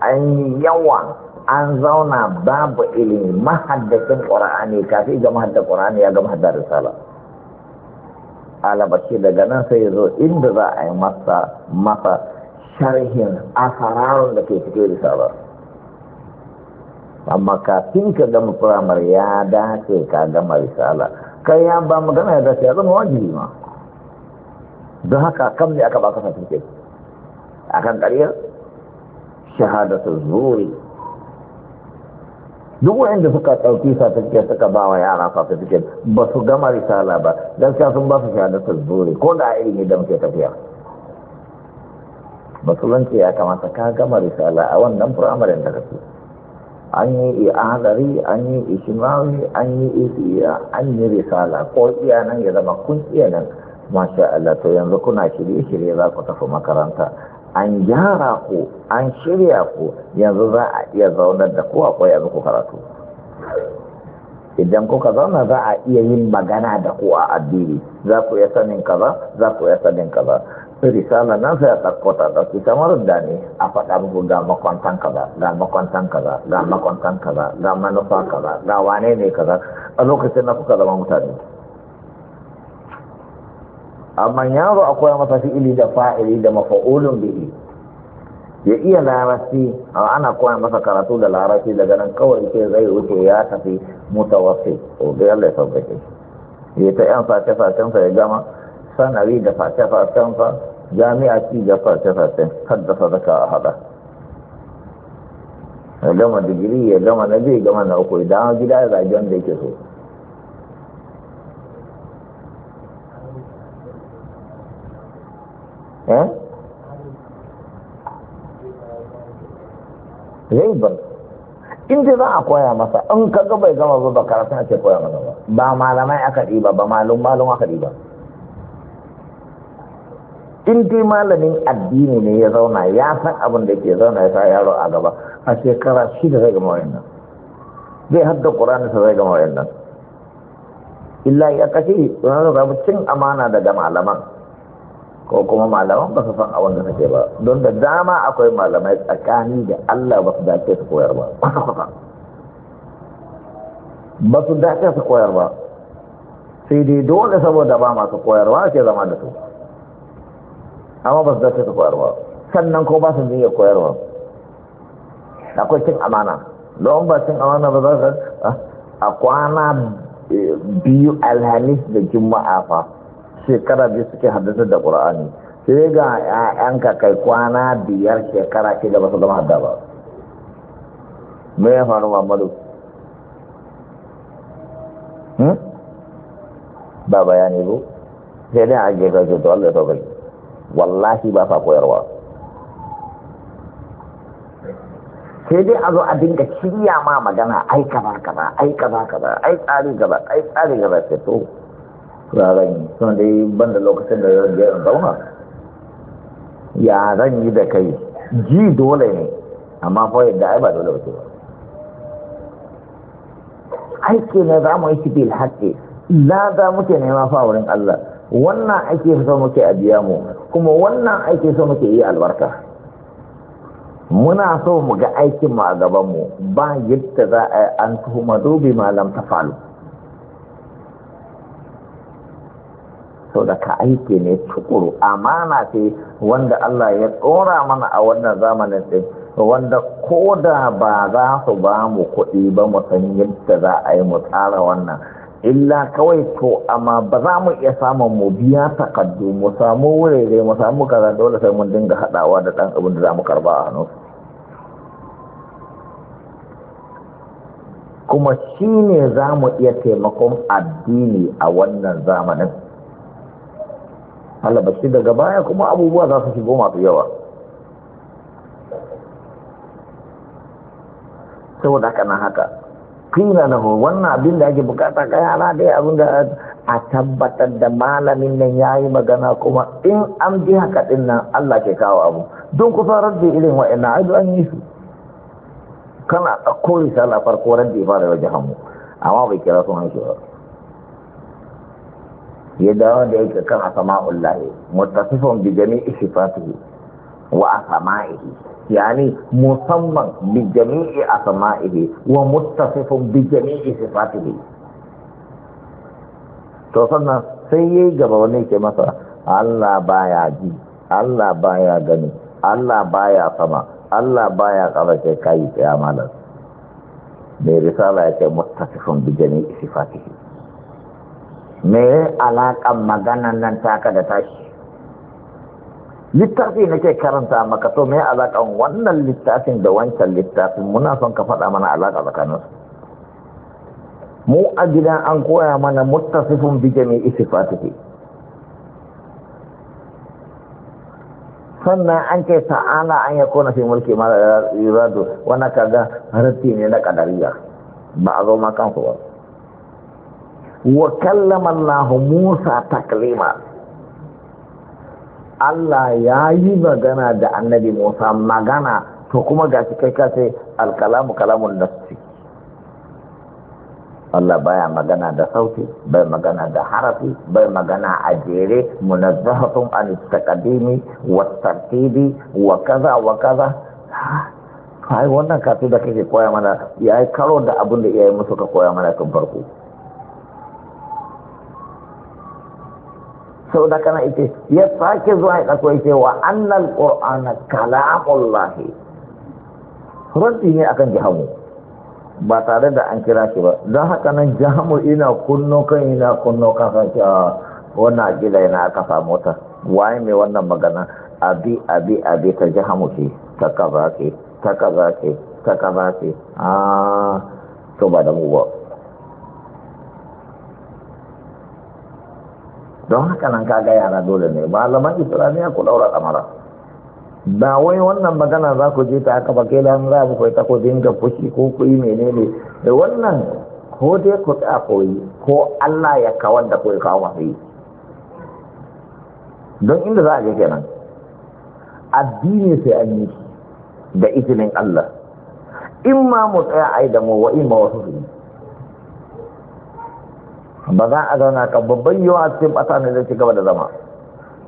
an yi yawa an zauna babu ilimi mahaddacin ƙura'ani kafin ga mahadda ƙura'ani ya ga mahadda risala alabashi daga nan sai zo inda za a yi masa masa sharhin asararun da ke cikin risala amma kafin ka gama firamar ya dace ka gama risala kai ya ba magana ya dace ya zama wajibi ma don haka kam ne aka baka satin akan ƙaryar shahadatul zuri duk da suka ɗauki certificate suka ba wa yara certificate ba su gama risala ba gaskiya sun ba su shahadatar zuri ko da ne da muke tafiya musulunci ya kamata ka gama risala a wannan firamarin da kake an yi ihadari an yi ishimari, an yi isiya an yi risala ko iya nan ya zama kun iya nan masha Allah to yanzu kuna shirye-shirye za ku tafi makaranta an gyara ku an shirya ku yanzu za a iya zaunar da ku akwai yanzu ku karatu idan kuka zauna za a iya yin magana da ku a addini za ku iya sanin kaza za ku iya sanin kaza risala nan sai a tsakkota da ki kamar da ne a faɗa muku ga makwantan kaza ga makwantan kaza ga makwantan kaza ga manufa kaza ga wane ne kaza a lokacin na kuka zama mutane amma yaro akwai masa fi'ili da fa'ili da mafa'ulun bihi ya iya larabci ana koya masa karatu da larasi daga nan kawai sai zai wuce ya tafi mutawassi o da Allah ya sauƙaƙe ya ta yan face facen sa ya gama sanari da fa facen sa jami'a ci da face facen haddasa zaka hada ya gama digiri ya gama na zai gama na uku idan gida ya zagi da yake so yi eh? bar in za a koya masa in ka ga bai gama zuba karatu ake koya masa ba ba malamai aka ɗiba ba malum malum aka ɗiba in dai malamin addini ne ya zauna ya san abin da ke zauna ya sa yaro a gaba a shekara da zai gama wayannan zai hadda ƙuranin sa zai gama wayannan illa ya kashe wani cin amana daga malaman ko kuma malaman ba su san abin da suke ba don da dama akwai malamai tsakani da Allah ba su dace su koyar ba kwata-kwata ba su dace su koyar ba sai dai dole saboda ba masu koyarwa ke zama da su amma ba su dace su koyarwa sannan ko ba su koyar koyarwa akwai cin amana don ba cin amana ba za su a kwana eh, biyu alhamis da juma'a fa shekara biyu suke haddasa da ƙur'ani sai ga 'ya'yanka kai kwana biyar shekara ke da basu zama hadda ba me ya faru mamadu hmm? ba bayani ba sai dai a gefe ce to Allah ya wallahi ba sa koyarwa sai dai a zo a dinga shirya ma magana aika ba kaza ai kaza kaza ai tsari kaza ai tsari kaza sai to zan yi sun dai ban da lokacin da ya je in zauna ya zan yi da kai ji dole ne amma fa yadda ai ba dole ba ba aiki na za mu yi shi haƙe Na za muke nema fa wurin Allah wannan aiki sa muke a biya mu kuma wannan aiki so muke yi albarka muna so mu ga aikin mu a gabanmu ba yadda za a an tuhuma dubi malam ta tafalu sau da ka aike ne tukuru amana ce wanda Allah ya tsora mana a wannan zamanin ɗin wanda ko da ba za su ba mu kuɗi ba mu san yadda za a yi mu tsara wannan illa kawai to amma ba za mu iya samun mu biya takaddu mu samu wurare mu samu kaza dole sai mun dinga haɗawa da ɗan abin da za mu karba a hannu kuma shi ne za mu iya taimakon addini a wannan zamanin halabacci daga baya kuma abubuwa za su shigo masu yawa da haka na haka kina na wannan abin da ake bukata kai ana dai abin da a tabbatar da malamin nan ya yi magana kuma in an bi haka din nan Allah ke kawo abu don kusa radda irin wa ina ai an yi su kana ɗauko risala farko radda fara yau hamu amma bai kira sun hanshi ba ya dawo da yake kan asama'ullahi muttasifun bijami jami'i sifatihi wa asama'ihi yani musamman bi jami'i asama'ihi wa muttasifun bijami jami'i to sannan sai yi gaba wani ke masa Allah baya ji Allah baya gani Allah baya sama Allah baya ke kai tsaye malar mai risala ya ce muttasifun bijami jami'i sifatihi me alaƙan maganan nan taka da tashi littafi nake karanta maka to me alaƙan wannan littafin da wancan littafin muna son ka faɗa mana alaƙa tsakaninsu mu a gidan an koya mana muttasifin mai isi sifatihi sannan an ce ta'ala an ya kona fi mulki mara yuradu eh, wani kaga harfi ne na kadariya ba a zo ma kansu ba wa kallama Allah Musa taklima Allah ya yi magana da annabi Musa magana to kuma ga shi kai kace alkalamu kalamun nafsi Allah baya magana da sauti bai magana da harafi bai magana a jere munazzahatun an taqdimi wa tartibi wa kaza wa kaza ai wannan kafin da kake koya mana yayi karo da abin da iyaye musu ka koya mana kan farko sau da kana ita ya sake zuwa ya ɗauko ce wa annal ƙor'ana kalamullahi rabbi ne akan jihamu ba tare da an kira shi ba don haka nan jihamu ina kunno kan ina kunno kan a ah, wannan akila yana aka samu ta waye mai wannan magana abi abi abi ta jihamu ce ta kaza ce ta kaza ce ta kaza ce a ah, to ba da mu ba don haka nan kaga yara dole ne malaman islamiyya ku daura kamara ba wai wannan magana za ku je ta haka ba kai lan za ku ta ku dinga fushi ko ku yi menene da wannan ko dai ku ta koyi ko Allah ya ka wanda ku ya kawo don inda za a je kenan addini sai an yi da izinin Allah in ma mu tsaya ai da mu wa in ma wasu su yi ba za a zauna ka babban yiwa a cikin ƙasa ne zai ci gaba da zama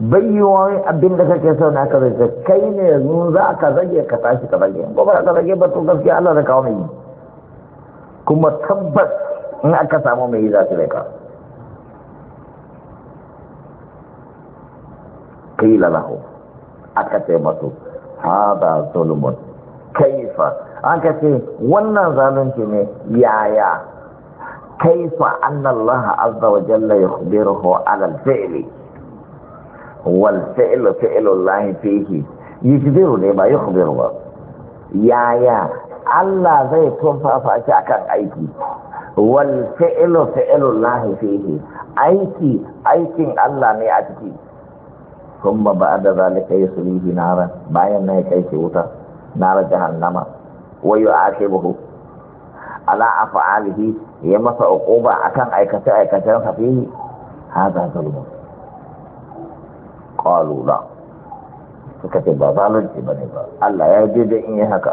bai yiwa abin da kake sauna ka zai kai ne yanzu za ka zage ka tashi ka zage ba ba ka zage ba to gaskiya Allah zai kawo mai kuma tabbas in aka samu mai yi za su zai ka qila lahu aka ce masu hada zulmun kaifa aka ce wannan zalunci ne yaya كيف أن الله عز وجل يخبره على الفعل والفعل فعل الله فيه يخبر لما يخبر با. يا يا الله زي تنفى فأشاكا أيكي والفعل فعل الله فيه أيكي أيكي الله نيأتكي ثم بعد ذلك يصليه نارا باين ما يكيش وطا نار جهنم ويعاقبه ala afa'alihi ya masa uquba akan aikace aikacen sa fihi hada zulm qalu la suka ce ba zalunci bane ba Allah ya je da in yi haka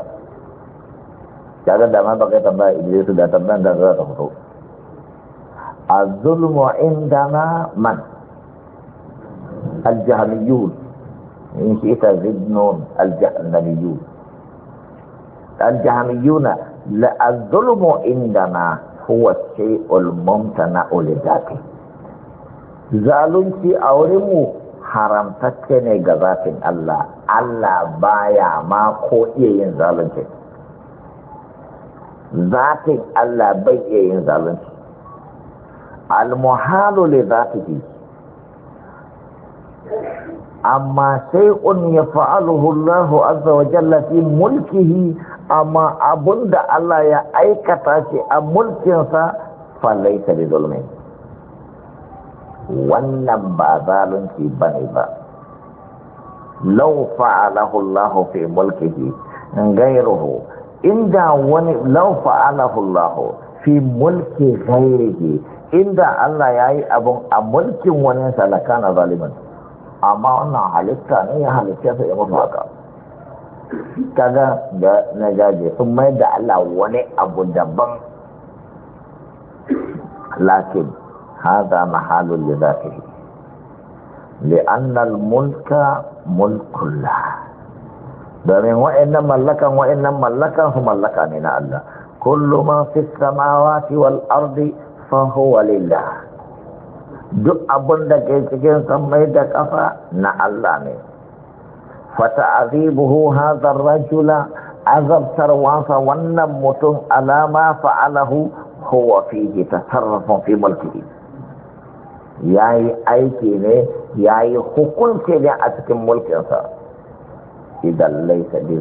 kaga da ma baka tambaya Iblis da tambayan da za ta fito الظلم عندنا من الجهميون إن شئت زد Al الجهميون الجهميون la'azzulmu indana huwa shay'ul mumtana ulidati zalunci a wurinmu haramtacce ne ga zafin Allah Allah baya ma ko iya yin zalunci zafin Allah bai iya yin zalunci al-muhalu li zatihi amma shay'un ya fa'aluhu Allah azza wa jalla fi mulkihi amma abun da Allah ya aikata shi a mulkinsa ta da zulmi wannan ba zalunci bane ba lau fa'alahu Allah fi mulkihi hu, inda wani lau fa'alahu Allah fi mulki ghayrihi inda Allah ya yi abun a mulkin wani salakana zaliman amma wannan halitta ne ya halitta su ya mutu haka kaga da na gaje sun mai da Allah wani abu daban lakin hada mahalul li zatihi لأن الملك ملك الله domin wa'annan mallakan wa'annan mallakan su mallaka ne na Allah kullu ma fi samawati wal ardi fa huwa lillah duk abin da ke cikin sammai da ƙafa na Allah ne fata azibuhu hazar rajula azabtar wasa wannan mutum alama fa'alahu huwa ta tasarrufun fi ya yayi aiki ne yayi hukunci ne a cikin mulkinsa idan laysa bi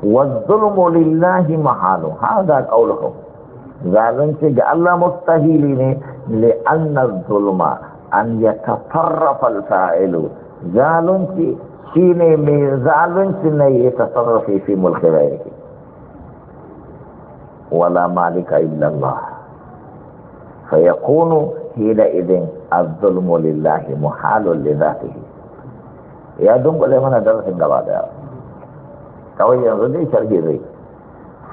wa zulmu lillahi mahalu hada qawluhum zalunci ga Allah mustahili ne li'anna zulma an ya tafarrafa alfa'ilu zalunci shine mai zalunci ne ya tasarrafe fi mulki yake wala malika illa Allah fa yakunu hina idin az lillahi muhalun li dhatihi ya dunkule mana darasin gaba daya kawai yanzu dai sharhi zai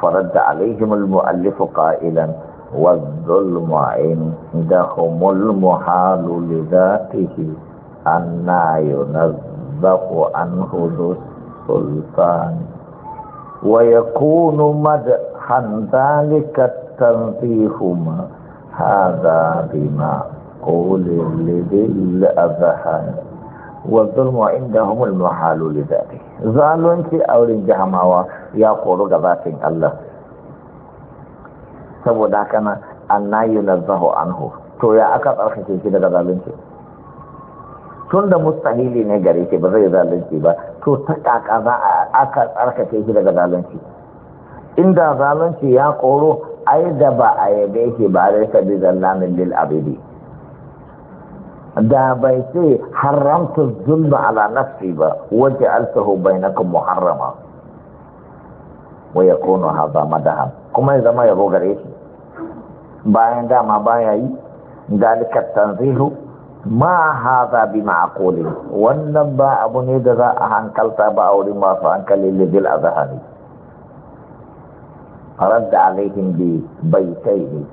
فرد عليهم المؤلف قائلا والظلم عندهم المحال لذاته أنا ينزق عنه ذو السلطان ويكون مدحا ذلك التنزيه هذا بما قول لذي الأذهان والظلم عندهم المحال لذاته ظالم في أولين جهموا ya koru ga zatin Allah saboda haka nan annayu nazahu anhu to ya aka tsarkake shi daga zalunci tun da mustahili ne gare shi ba zai zalunci ba to ta kaka za a aka tsarkake shi daga zalunci inda zalunci ya koro ai da ba a yaga yake ba da ka bi zallamin lil abidi da bai ce haramta zulma ala nafsi ba waje alsahu bainakum muharrama wa ya kono haza madaha kuma ya zama yabo gare shi bayan dama baya yi dalikar tanzihu ma haza bi ma'aquli wannan ba abu ne da za a hankalta ba a wurin masu hankali lidil azhari radda alaihim bi baitaihi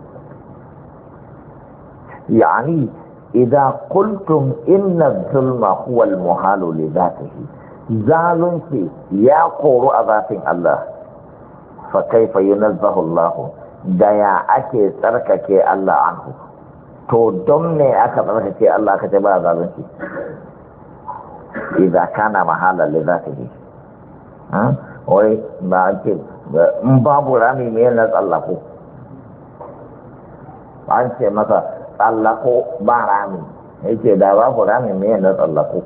yani idza qultum inna adh-dhulma huwa al-muhalu li dhatihi zalunci ya koru a zafin Allah fa kaifa yunazzahu Allah da ya ake tsarkake Allah anhu to don ne aka tsarkake Allah aka ce ba zalunci idza kana mahala li zatihi wai ba ake in babu rami me na tsallako an ce masa tsallako ba rami yake da babu rami me na tsallako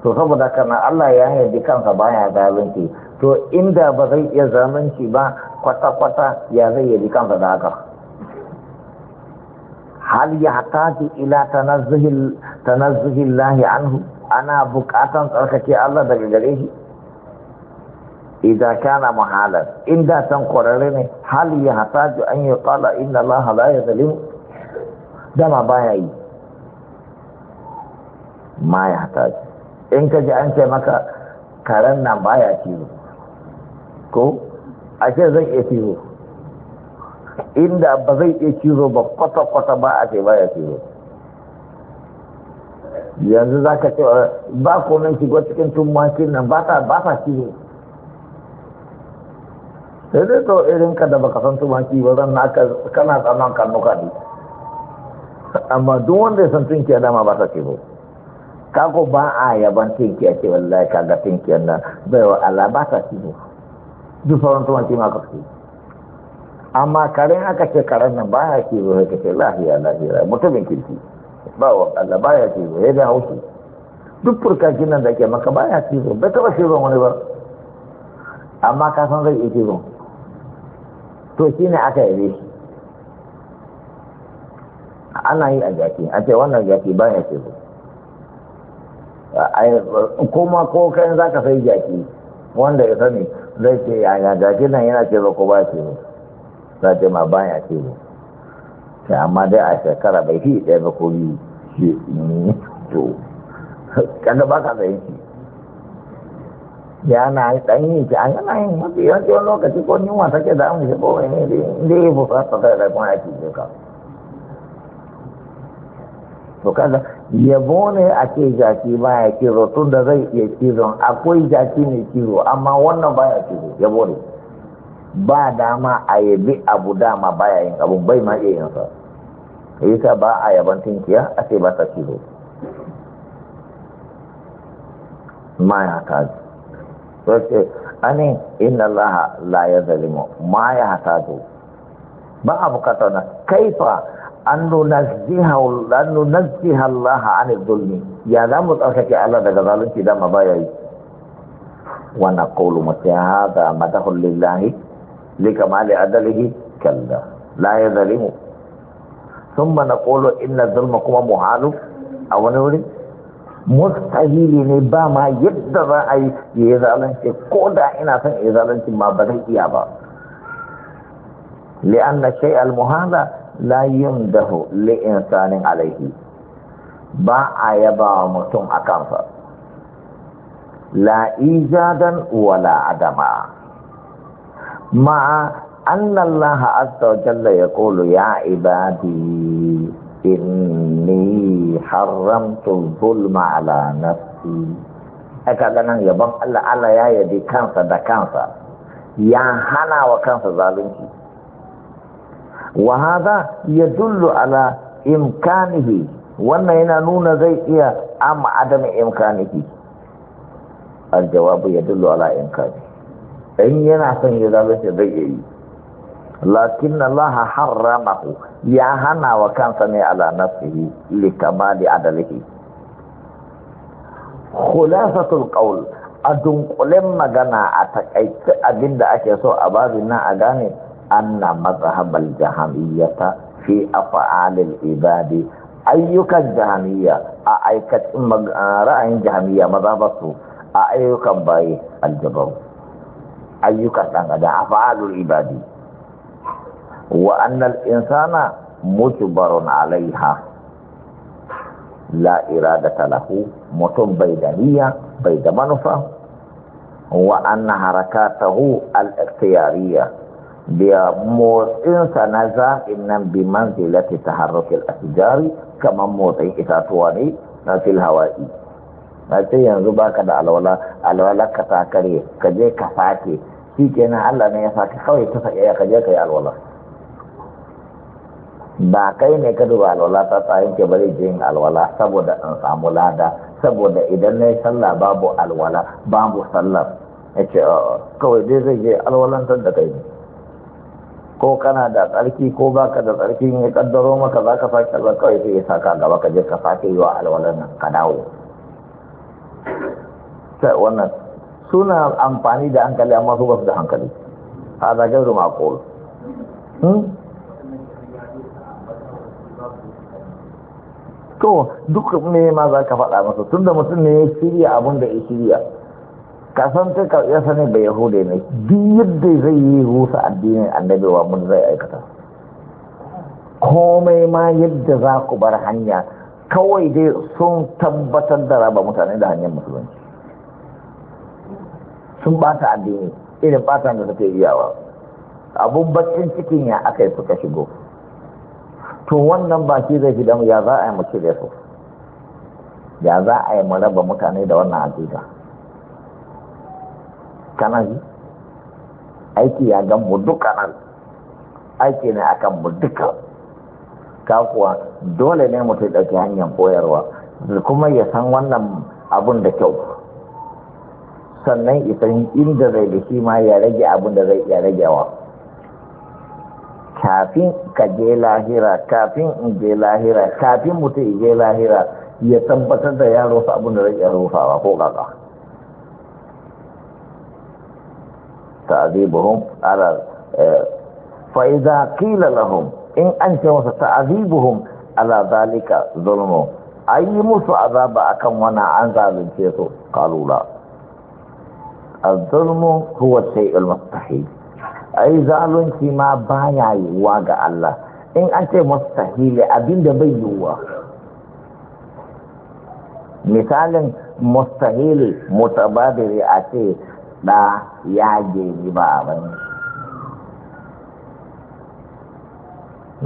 to saboda kana Allah ya yarda kansa baya zalunci to inda ba zai iya zamanci ba kwata-kwata ya zai yi kansa da haka hal ya hatati ila tanazzuhin lahi anhu ana bukatan tsarkake Allah daga gare shi idan kana muhalar inda san kwararre ne hal ya hataju an yi kala inna Allah la ya zalimu dama baya yi ma ya hataju in ka ji an ce maka karen nan baya cizo ko ashe zai iya cizo inda ba zai iya cizo ba kwata-kwata ba a ce ba ya cizo yanzu za ka ce ba komen shigo cikin tummakin nan ba ta cizo sai dai to irin ka da baka san tumaki ba zan naka kana tsaman karnuka ne amma duk wanda ya san tunkiya dama ba ta cizo kako ba a yaban tunkiya ce wallahi kaga tunkiyar nan baiwa Allah ba ta cizo duk sauran ke ma kafi amma karen aka ce karen nan ba ya ke zuwa ka ce lahiya lahiya mutumin kirki ba wa Allah ba ya ke zuwa ya da haushi duk furka nan da ke maka ba ya ke zuwa bai taɓa shirin wani ba amma ka san zai iya shirin to shi ne aka yi shi ana yi a jaki a ce wannan jaki ba ya ce ko ma ko kayan za ka sai jaki wanda ya sani zai ce yaya gaji nan yana ce ko ba ce ne za ce ma ba ya ce ne sai amma dai a shekara bai fi ɗaya ba ko biyu ce ne mm, to kada ba ka zai ci ya na ɗan yi ci an yana yin mafi yawanci wani lokaci ko yunwa take da shi ko wani ne dai ya fusa ta da kuma ya ce ka to kaga yabo ne a ce jaki ya kizo tun da zai iya kizon akwai jaki ne kizo amma wannan ya kizo yabo ne ba dama a yabi abu dama ya yin abu bai ma iya yin sa yasa ba a yaban tinkiya a ce ba ta kizo ma ya kaji wace anin inna allaha la ya zalimu ma ya hataju ba a bukatar na kaifa an nunazziha Allah an zulmi ya za mu tsarkake Allah daga zalunci dama ya yi wa naqulu mata hada madahul lillahi likamali adalihi kalla la yadhlimu thumma naqulu inna zulma kuma muhalu a wani wuri mustahili ne ba ma yadda za a yi ya zalunci ko da ina son ya zalunci ma ba zai iya ba li'anna al muhala la yumdahu li insanin alaihi ba a yaba mutum a kansa la ijadan wala adama ma annallah azza wa jalla ya ibadi inni haramtu zulma ala nafsi aka nan yabon Allah Allah ya yadi kansa da kansa ya hana wa kansa zalunci wa ya dullu ala imkanihi wannan yana nuna zai iya am adam imkanihi aljawabu dullu ala imkani in yana son ya zalunci zai iya yi lakin Allah harramahu ya hana wa kansa ne ala nafsihi likamali adalihi khulasatul qawl a dunkulen magana a takaice abinda ake so a babin nan a gane أن مذهب الجهمية في أفعال العباد أيك الجهمية أيك رأي الجهمية مذهبته أيك باي الجبر أيك تنقى أفعال العباد وأن الإنسان مجبر عليها لا إرادة له متم بيدنية بيد منفى وأن حركاته الاختيارية motsin sa na zaɓin nan bi manzilati ta harrafin asijari kamar motsin itatuwa ne na fil hawa'i na ce yanzu baka da alwala alwala ka ta kare ka je ka sake shi kenan allah ne ya sake kawai ta sake ka je ka yi alwala ba kai ne ka duba alwala ta tsayin ke bari alwala saboda in samu lada saboda idan na yi sallah babu alwala babu sallah. ya ce kawai dai zai je alwalantar da kai ne ko kana da tsarki ko baka da tsarki ya kaddaro maka za ka sake alwala kawai sai ya saka gaba ka je ka sake yi wa alwalar nan ka dawo wannan suna amfani da hankali amma su basu da hankali a zagar da makol to duk ne ma za ka faɗa masa tunda mutum ne ya shirya abin da ya shirya ka san kai ka ya sani da yahude ne duk yadda zai yi rusa addinin annabi wa mun zai aikata komai ma yadda za ku bar hanya kawai dai sun tabbatar da raba mutane da hanyar musulunci sun bata addini irin bata da suke iyawa abun bakin cikin ya aka yi suka shigo to wannan baki zai fi damu ya za a yi mace da ya za a yi mu raba mutane da wannan addini Kanan aiki ya gan mu duka nan aiki ne akan mu duka ka kuwa dole ne mutum ɗauki hanyar koyarwa kuma ya san wannan abun da kyau sannan isan inda zai da shi ma ya rage abun da zai iya ragewa kafin ka je lahira kafin in je lahira kafin mutum je lahira ya tabbatar da ya rufa abun da zai iya rufawa ko kaka Fa'iza ala eh, fa idza qila lahum in an ce masa ta'azibuhum ala zalika zulmu ayi musu azaba akan wannan an zalunce su qalu la az-zulmu huwa shay'ul mustahil ai zalunci ma baya yiwuwa ga Allah in an ce mustahili abinda bai yiwuwa misalin mustahili mutabadiri a ce Da ya a bane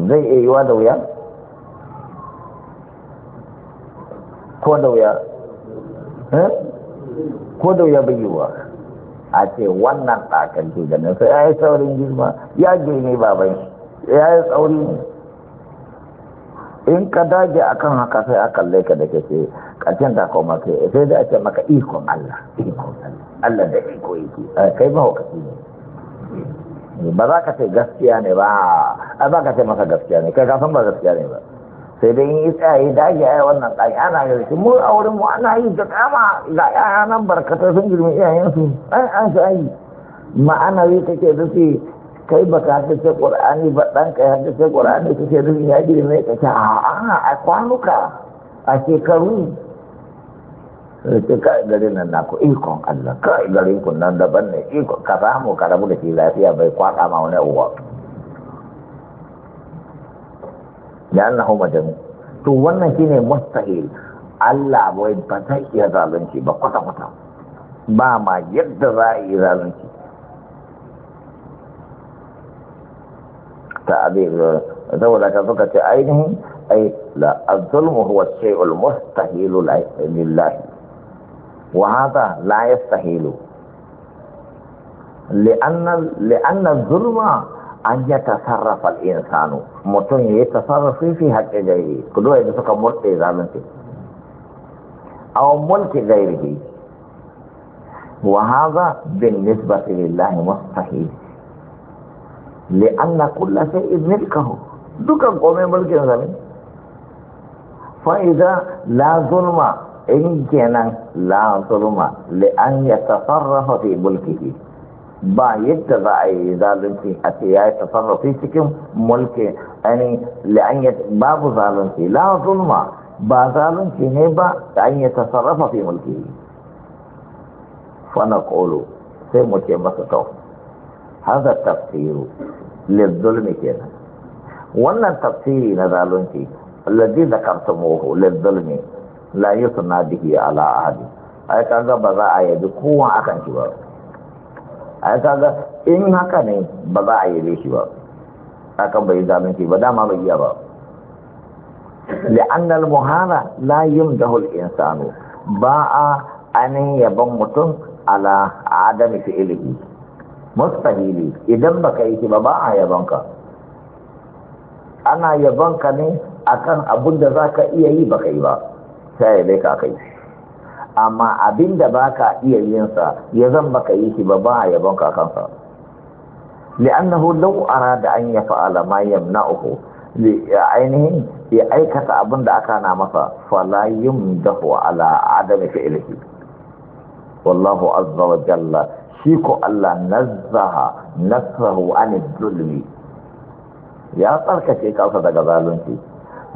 zai iya yiwa da wuya ko da wuya eh? ko da wuya bai yiwa a ce wannan ɗakan ke ganin sai ya yi saurin girma ya geji baban ya yi saurin in ka dage akan haka sai a kalle ka da ke ce ƙarshen ka koma kai sai za a ce maka ikon Allah ikon Allah Allah da iko yake eh, kai ba hukaci ne eh, ba za ka ce gaskiya ne ba a ba ka ce maka gaskiya ne kai ka san ba gaskiya ne ba sai dai yi tsaya ya dage a wannan tsari ana yi shi mu a wurin mu ana yi da kama ga yaya nan barkata sun girma iyayensu an an su ayi yi take da su kai ba ka haddace qur'ani ba ɗan kai haddace qur'ani kake da ya girma ka ta a a kwanuka a shekaru ce eh, kai garin nan na ko ikon Allah kai garin ku nan daban ne ikon ka samu ka rabu da shi lafiya bai kwaka ma wani uwa da annahu majnun to wannan shine mustahil Allah bai ba ta iya zalunci ba kwata kwata ba ma yadda za a yi zalunci ta abin saboda ka suka ce ainihin ai la azulmu huwa shay'ul mustahilu lillahi وهذا لا يستحيل لأن, لأن الظلم أن يتصرف الإنسان متن يتصرف في حق غيره كدو يدسك ملك ظالمته أو ملك غيره وهذا بالنسبة لله مستحيل لأن كل شيء ملكه دوكا قومي ملك ظالم فإذا لا ظلم in kenan la zulma li an yatasarrafa fi mulkihi ba yadda za a yi zalunci a ce ya yi tasarrafi cikin mulki ani li an yat babu zalunci la zulma ba zalunci ne ba da an yatasarrafa fi mulkihi fa naqulu sai mu ce masa to hadha tafsiru lizulmi kenan wannan tafsiri na zalunci alladhi zakartumuhu lizulmi layu suna dihi ala ahadi ai kaga ba za a yabi kowa akan shi ba ai kaga in haka ne ba za a yabe shi ba akan bai zalunci ba dama bai iya ba li'anna al-muhana la yumdahu al-insanu ba a anin yaban mutum ala adami fi'lihi mustahili idan baka yi ba ba a ka. ana ka ne akan abunda da zaka iya yi baka yi ba sai ya ka kai amma abin da ba ka iya yinsa ya zan baka yi shi ba ba a yabon kakansa li'annahu ana da an yaf'ala ma yamna'uhu li ainihin ya aikata abin da aka na masa fala yumdahu ala adami fi'lihi wallahu azza wa jalla shi ko Allah nazzaha nasrahu an zulmi ya tsarkake kansa daga zalunci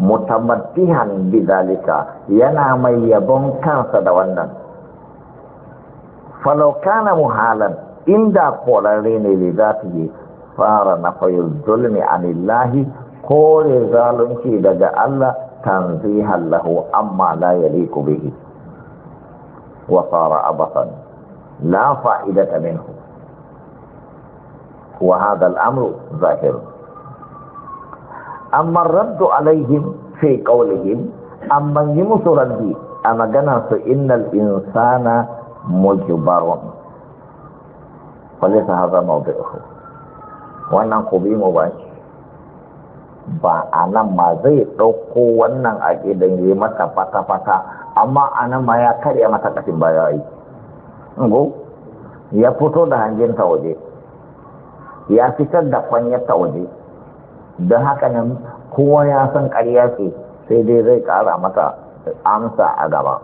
mutamaddihan bidalika yana mai yabon kansa da wannan Falaukana kana muhalan inda korarre ne da za ta yi fara na fayil zulmi anillahi kore zalunci daga Allah tanzihan hallahu amma la yaliqu bihi wa sara abasan la fa'idata minhu wa hadha amru amma raddu alaihim fi qawlihim amma yi musu raddi a magana su innal insana mujbarun walisa hadha mawdu'uhu wannan ku bi mu ba ba a nan ma zai ɗauko wannan aƙidan yi mata fata-fata amma a nan ma ya karya mata ƙashin baya yi ya fito da ta waje ya fitar da ta waje don haka nan kowa ya san ƙarya ce sai dai zai ƙara mata amsa a gaba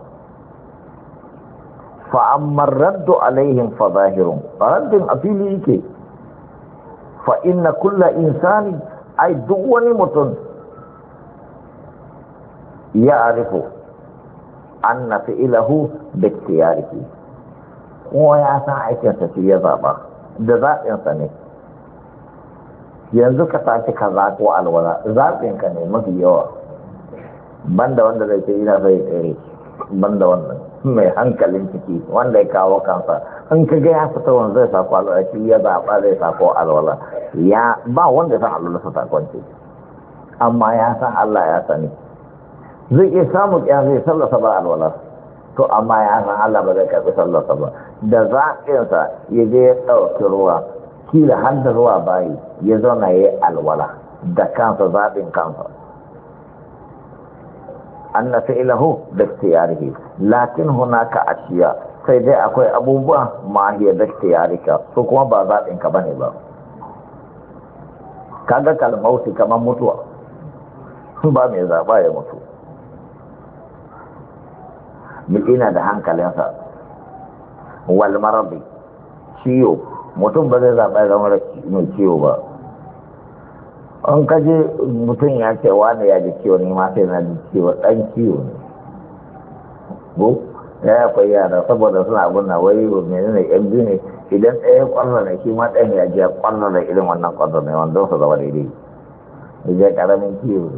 fa'ammar raddu alaihin fa zahirun raddin a fili yake fa'inna kulla insani ai duk wani mutum ya arifu an na ilahu da ke ya kowa ya san aikinsa shi ya zaɓa da zaɓinsa ne yanzu ka tashi ka zaɓo alwala ka ne mafi yawa banda wanda zai ce ina zai tsere banda wannan mai hankalin ciki wanda ya kawo kansa in ka ga ya fita wanda zai sako alwala shi ya zaɓa zai sako alwala ya ba wanda san alwala sa sakonci amma ya san Allah ya sani zai iya samu ya zai sallasa ba alwala to amma ya san Allah ba zai karɓi sallasa ba da zaɓinsa ya je ya ɗauki ruwa kila har da zuwa bayi ya zauna ya yi alwala da kansa zaɓin kansa an na ilahu da tiyarihi lakin hunaka shiya sai dai akwai abubuwa hiyar da ka su kuma ba zaɓin ka bane ba kaga kalmauti kamar mutuwa ba mai zaɓa ya mutu mutina da hankalinsa walmarabi ciyo mutum ba zai zaɓa zama mai ciwo ba an kaje mutum ya ce wani ya ji ciwo ne ma sai na ji ciwo ɗan ciwo ne ko ya ya akwai yara saboda suna abin na wai mai ne yan biyu ne idan ɗaya ƙwarna ne shi ma ɗan ya ji ya ƙwarna da irin wannan ƙwarna ne wanda su zama daidai da je ƙaramin ciwo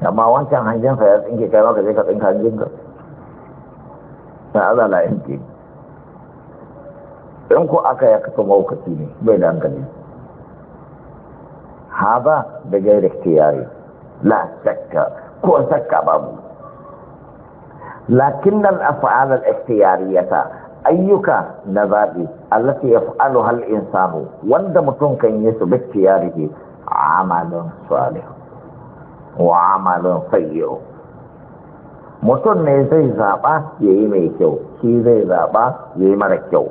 ne amma wancan hanjinsa ya tsinke kai maka je ka tsinka hanjinka sai Allah la yanke in ko aka ya kafa mawukaci ne bai da hankali ba da gaira yare la shakka ko shakka babu lakin al af'al ya ikhtiyariyata ayyuka na ya allati hal in samu wanda mutum kan yi su bi ikhtiyarihi amalin salih wa amalin fayyo. mutum ne zai zaɓa ya yi mai kyau shi zai zaɓa ya yi mara kyau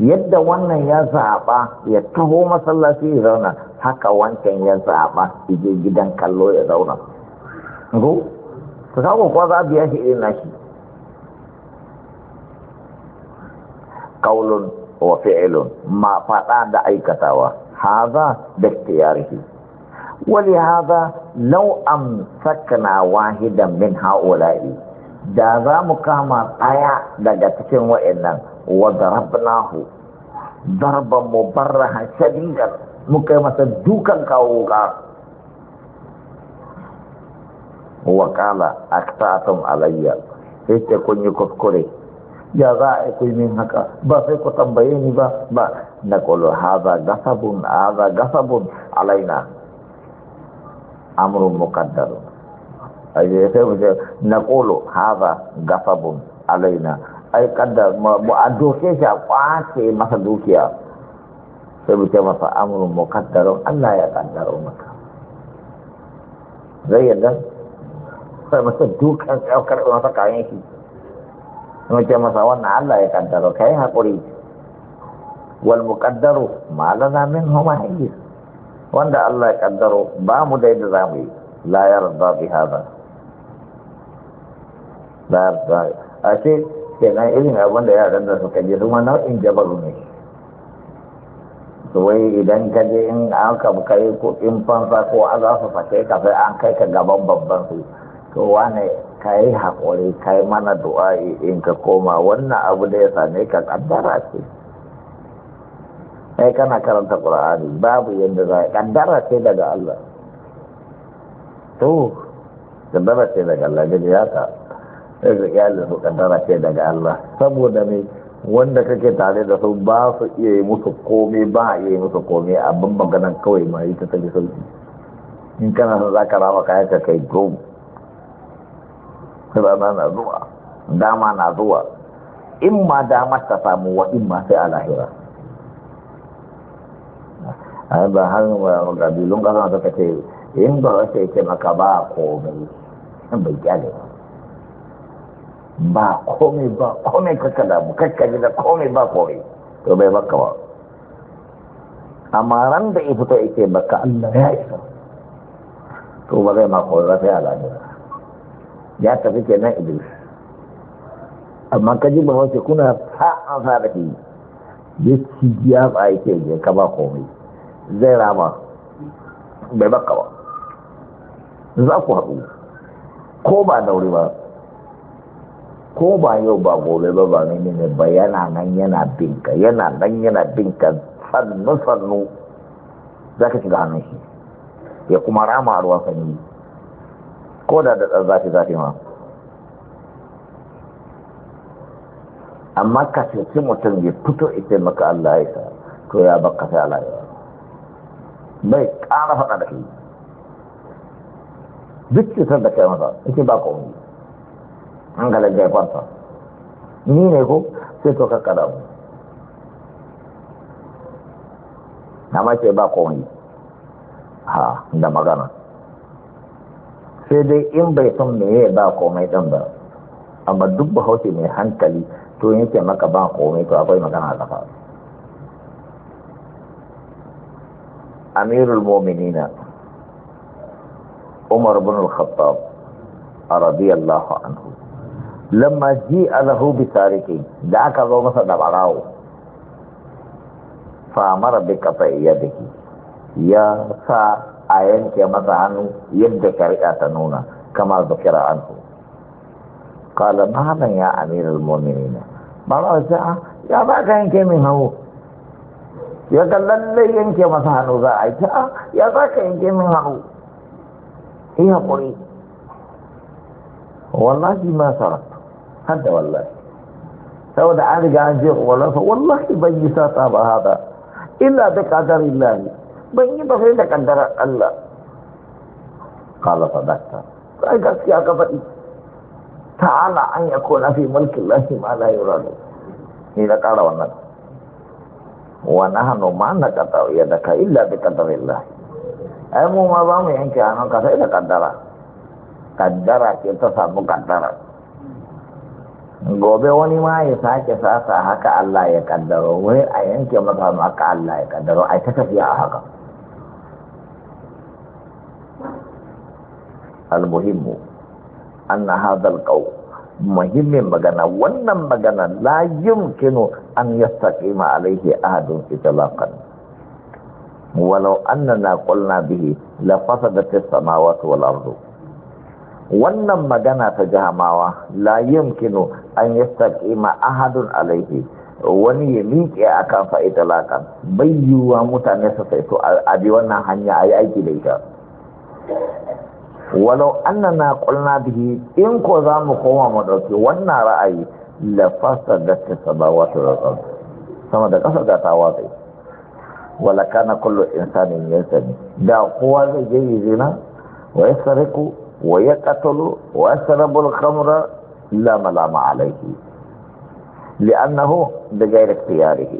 yadda wannan ya zaɓa ya taho masallaci ya zauna haka wancan ya zaɓa ije gidan kallo ya zauna ko ta kawo kuwa za a biya shi irin nashi kaulun wa fi'ilun ma faɗa da aikatawa haza da tiyarhi wali haza lau sakana wahidan min ha'ula'i da za mu kama ɗaya daga cikin wa'annan وضربناه masa dukan شديدا مكيمة دوكا كاوغا وقال أكتاتم علي kun yi يكفكري ya za a yi min haka ba sai ku tambaye ni ba ba na kolo haza gasabun haza gasabun alaina amrun muqaddarun na kolo haza gasabun alaina ai kadda a doke shi a kwace masa dukiya sai mu ce masa amurin mukaddarun Allah ya kaddaro maka zai yadda sai masa dukan tsaukar masa kayan shi mu ce masa wannan Allah ya kaddaro kai haƙuri wal kaddaro ma lana min huma hayyiz wanda Allah ya kaddaro ba mu da yadda za mu yi la yarda bi hada la yarda ashe kenan irin abin da yaran da suka je kuma nau'in jabaru ne to wai idan ka je in an ka kai ko in fansa ko a za su fate ka sai an kai ka gaban babban su to wane ka yi haƙuri ka yi mana du'a in ka koma wannan abu da ya same ka kaddara ce sai kana karanta ƙur'ani babu yadda za a kaddara ce daga Allah to kaddara ce daga Allah ya ka sai su kyale su kaddara ce daga Allah saboda mai wanda kake tare da su ba su iya yi musu komai ba a iya yi musu komai abin maganan kawai ma yi ta tafi sauki in kana sun za ka rama kayan ka kai gom rana na zuwa dama na zuwa in ma damar ta samu wa in ma sai a lahira a ba har gabilun kasa ta ce in ba wasu yake ce maka ba komai bai kyale ba ba komai ba komai kakka damu kakka gida da komai ba komai to bai baka ba amma ran da ya fito yake baka Allah ya isa to ba zai ma ba sai al'adura ya tafi nan Idris amma ka ji ba wace kuna sa'an sa da ke. ya ci ya ba yake je ka ba komai zai rama bai baka ba za ku haɗu ko ba daure ba ko ba yau ba gobe ba ba mene ne ba yana nan yana binka yana nan yana binka sannu sannu za ka shiga hannun shi ya kuma rama a ruwan sanyi ko da da ɗan zafi zafi ma amma ka ceci mutum ya fito ita maka Allah ya sa to ya baka sai Allah ya bai ƙara faɗa da shi duk cutar da kai masa cikin ba wani. an ga ya kwanta ni ne ko sai to kakkada da na mace ba komai ha da magana sai dai in bai son meye ba komai ɗan ba amma duk bahaushe mai hankali to yake maka ba komai to akwai magana a kafa amirul mu'minina umar bin al-khattab radiyallahu anhu lamma ji alahu bi sariki da aka zo masa da barawo fa mara iya da ke. ya sa a yanke masa hannu yadda shari'a ta nuna kama zikira anhu qala ma ya amirul mu'minin barawo ya ba ah, ka yanke min hawo ya ga lallai yanke masa hannu za a yi a, ah, ya za ka yanke min hannu yi haƙuri wallahi ma sara har da wallahi saboda an riga an je kwakwalwarsa wallahi ban yi sata ba haɗa illa da ƙadar illahi ban yi ba sai da Allah kala sadakta sai gaskiya ka faɗi ta'ala an ya kona fi mulkin lahi ma la yuradu ni da ƙara wannan wa nahnu ma naqata yadaka illa bi ba mu yanke hannun sai da ƙaddara ke ta samu ƙaddara gobe wani ma ya sake sasa haka Allah ya kaddaro wani a yanke masa haka Allah ya kaddaro a ta tafiya a haka Al al-muhimmu anna hadha qaw muhimmin magana wannan magana la yumkinu an yastaqima alayhi ahadun itlaqan walau annana qulna bihi la fasadat as-samawati wal ardu wannan magana ta jahamawa la yumkinu an yastaqima ahadun alaihi wani ya miƙe a kan fa'italakan bai yiwuwa mutane su saito a bi wannan hanya a yi aiki da ita walau na ƙulna bihi in ko za mu koma mu ɗauki wannan ra'ayi la fasa da ta saba wata rasar sama da ƙasar da ta watsa wala kana kullum insanin ya sani da kowa zai je yi zina wa ya ku? ويقتل ويشرب الخمر لا ملام عليه wa بغير اختياره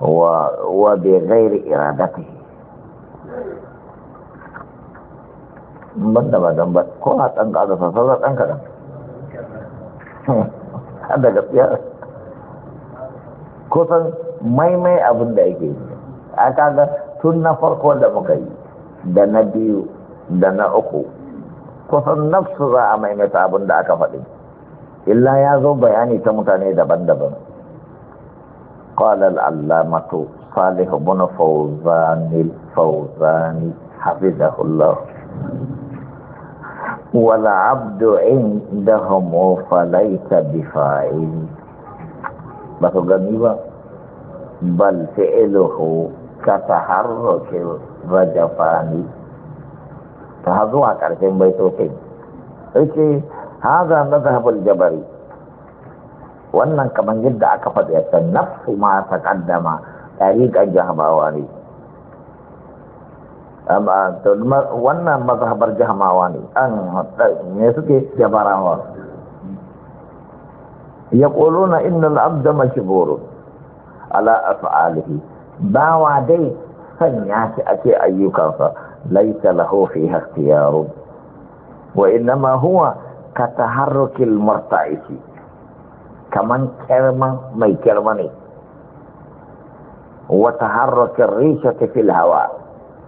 وبغير إرادته banda ba don ba ko a ɗan ƙasa sassaurar ɗan kaɗan da gaskiya kusan maimai abin da yake yi a kaga tun na farko da muka yi da na biyu da na uku kusan nafsu za a maimaita abin da aka faɗi illa ya zo bayani ta mutane daban-daban ƙwalar allamatu salihu bin fauzani fauzani hafizahullah wala abdu inda homo falaita bifa'ili ba su gani ba bal fi'iluhu ka taharrukin rajafani ta har zuwa ƙarshen baitocin yake haza na zahabul jabari wannan kamar yadda aka faɗi ya san nafsu ma ta ƙaddama kan jahamawa ne wannan mazhabar jahamawa ne an ne suke jabarawa ya ƙolo na inna al'abda boro. ala af'alihi bawa dai sanya shi ake ayyukansa ليس له فيها اختيار وإنما هو كتحرك المرتعش كمن كرم ما يكرمني وتحرك الريشة في الهواء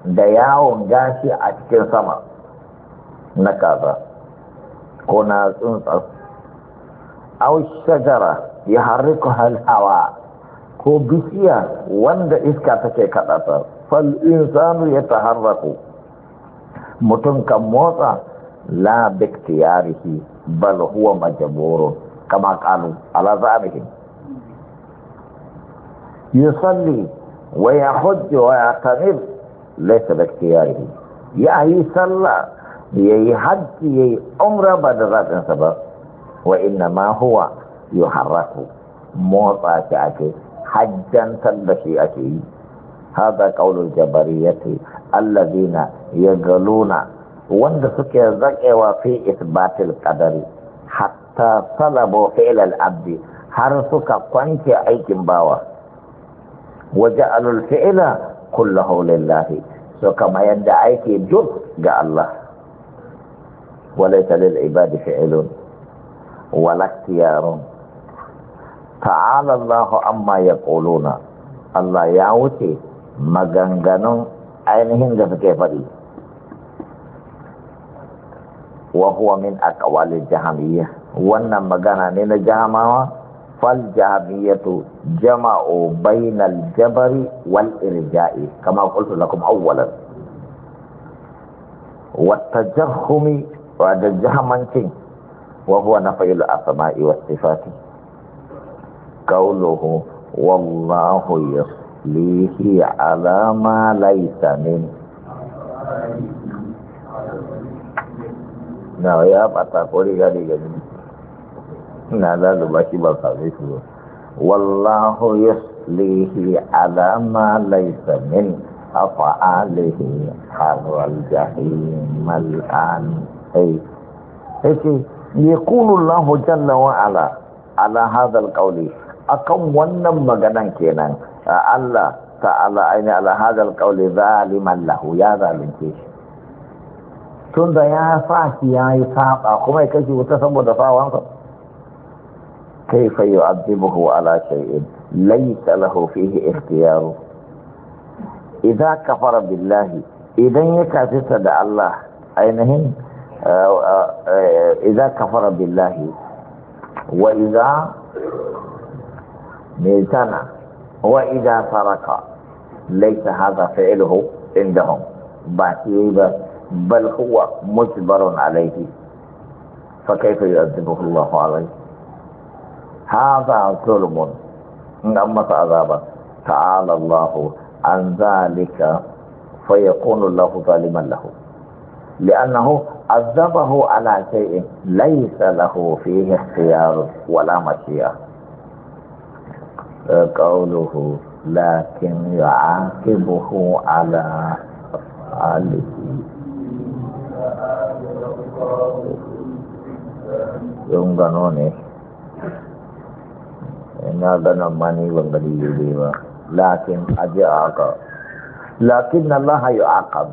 دياو جاشي أتكن سما نكذا كنا تنصف أو الشجرة يحركها الهواء كوبسيا وند إسكا تكي فالإنسان يتحرك mutum kan motsa la biktiyarihi bal huwa majburun kama qalu ala za'rihim yusalli wa yahujj wa ya'tamir laysa biktiyarihi ya yi sallah ya yi hajji ya yi umra ba da zaɓinsa ba wa ina ma huwa yuharraku motsa shi ake hajjantar da shi ake yi هذا قول الجبرية الذين يقولون وند سكي زكي في إثبات القدر حتى طلبوا فعل العبد har suka kwanke aikin bawa waje alulfi'ila kulla haulillahi suka mayar da aiki duk ga Allah walaita lil ibadi fi'ilun walaktiyarun ta'ala Allah amma ya ƙuluna Allah ya wuce maganganun ainihin da suke faɗi wa min min aqwalil jahamiyya wannan magana ne na jahamawa fal jahamiyatu jama'o bainal jabari wal irja'i kama qultu lakum awwalan wa tajahhumi wa da jahamancin wa huwa nafailu asma'i was sifati qawluhu wallahu yas lihi alama laisa min na ya bata ko riga da gani na laluba shi ba sami shi ba wallahu lihi alama laisa min afa'alihi harwal jahim mal'an ai ya yakunu Allahu jalla wa ala ala hadha alqawli akan wannan maganan kenan الله تعالى عين على هذا القول ظالما له يا ظالم فيه تون يا فاكي يا فاقا كما يكشي وتسمى دفاع وانك كيف يعذبه على شيء ليس له فيه اختيار إذا كفر بالله إذا يكافت دع الله أينهم آه، آه، إذا كفر بالله وإذا ميتانا وإذا ترك ليس هذا فعله عندهم بعتيبة بل هو مجبر عليه فكيف يؤدبه الله عليه هذا ظلم نعم عذابا تعالى الله عن ذلك فيكون الله ظالما له لأنه عذبه على شيء ليس له فيه اختيار ولا مشيئة قوله لكن يعاقبه على افعاله لكن لكن الله يعاقب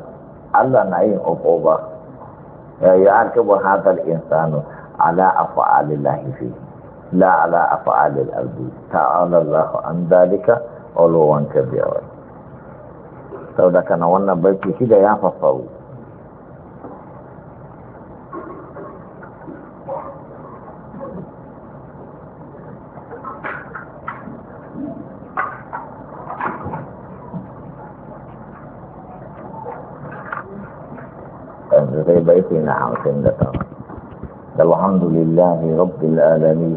الله نعيم عقوبه يعاقب هذا الانسان على افعال الله فيه لا على أفعال الأرض تعالى الله عن ذلك علوا كبيرا ده كان وانا بيتي كده فصل زي بيتي نعم ده الحمد لله رب العالمين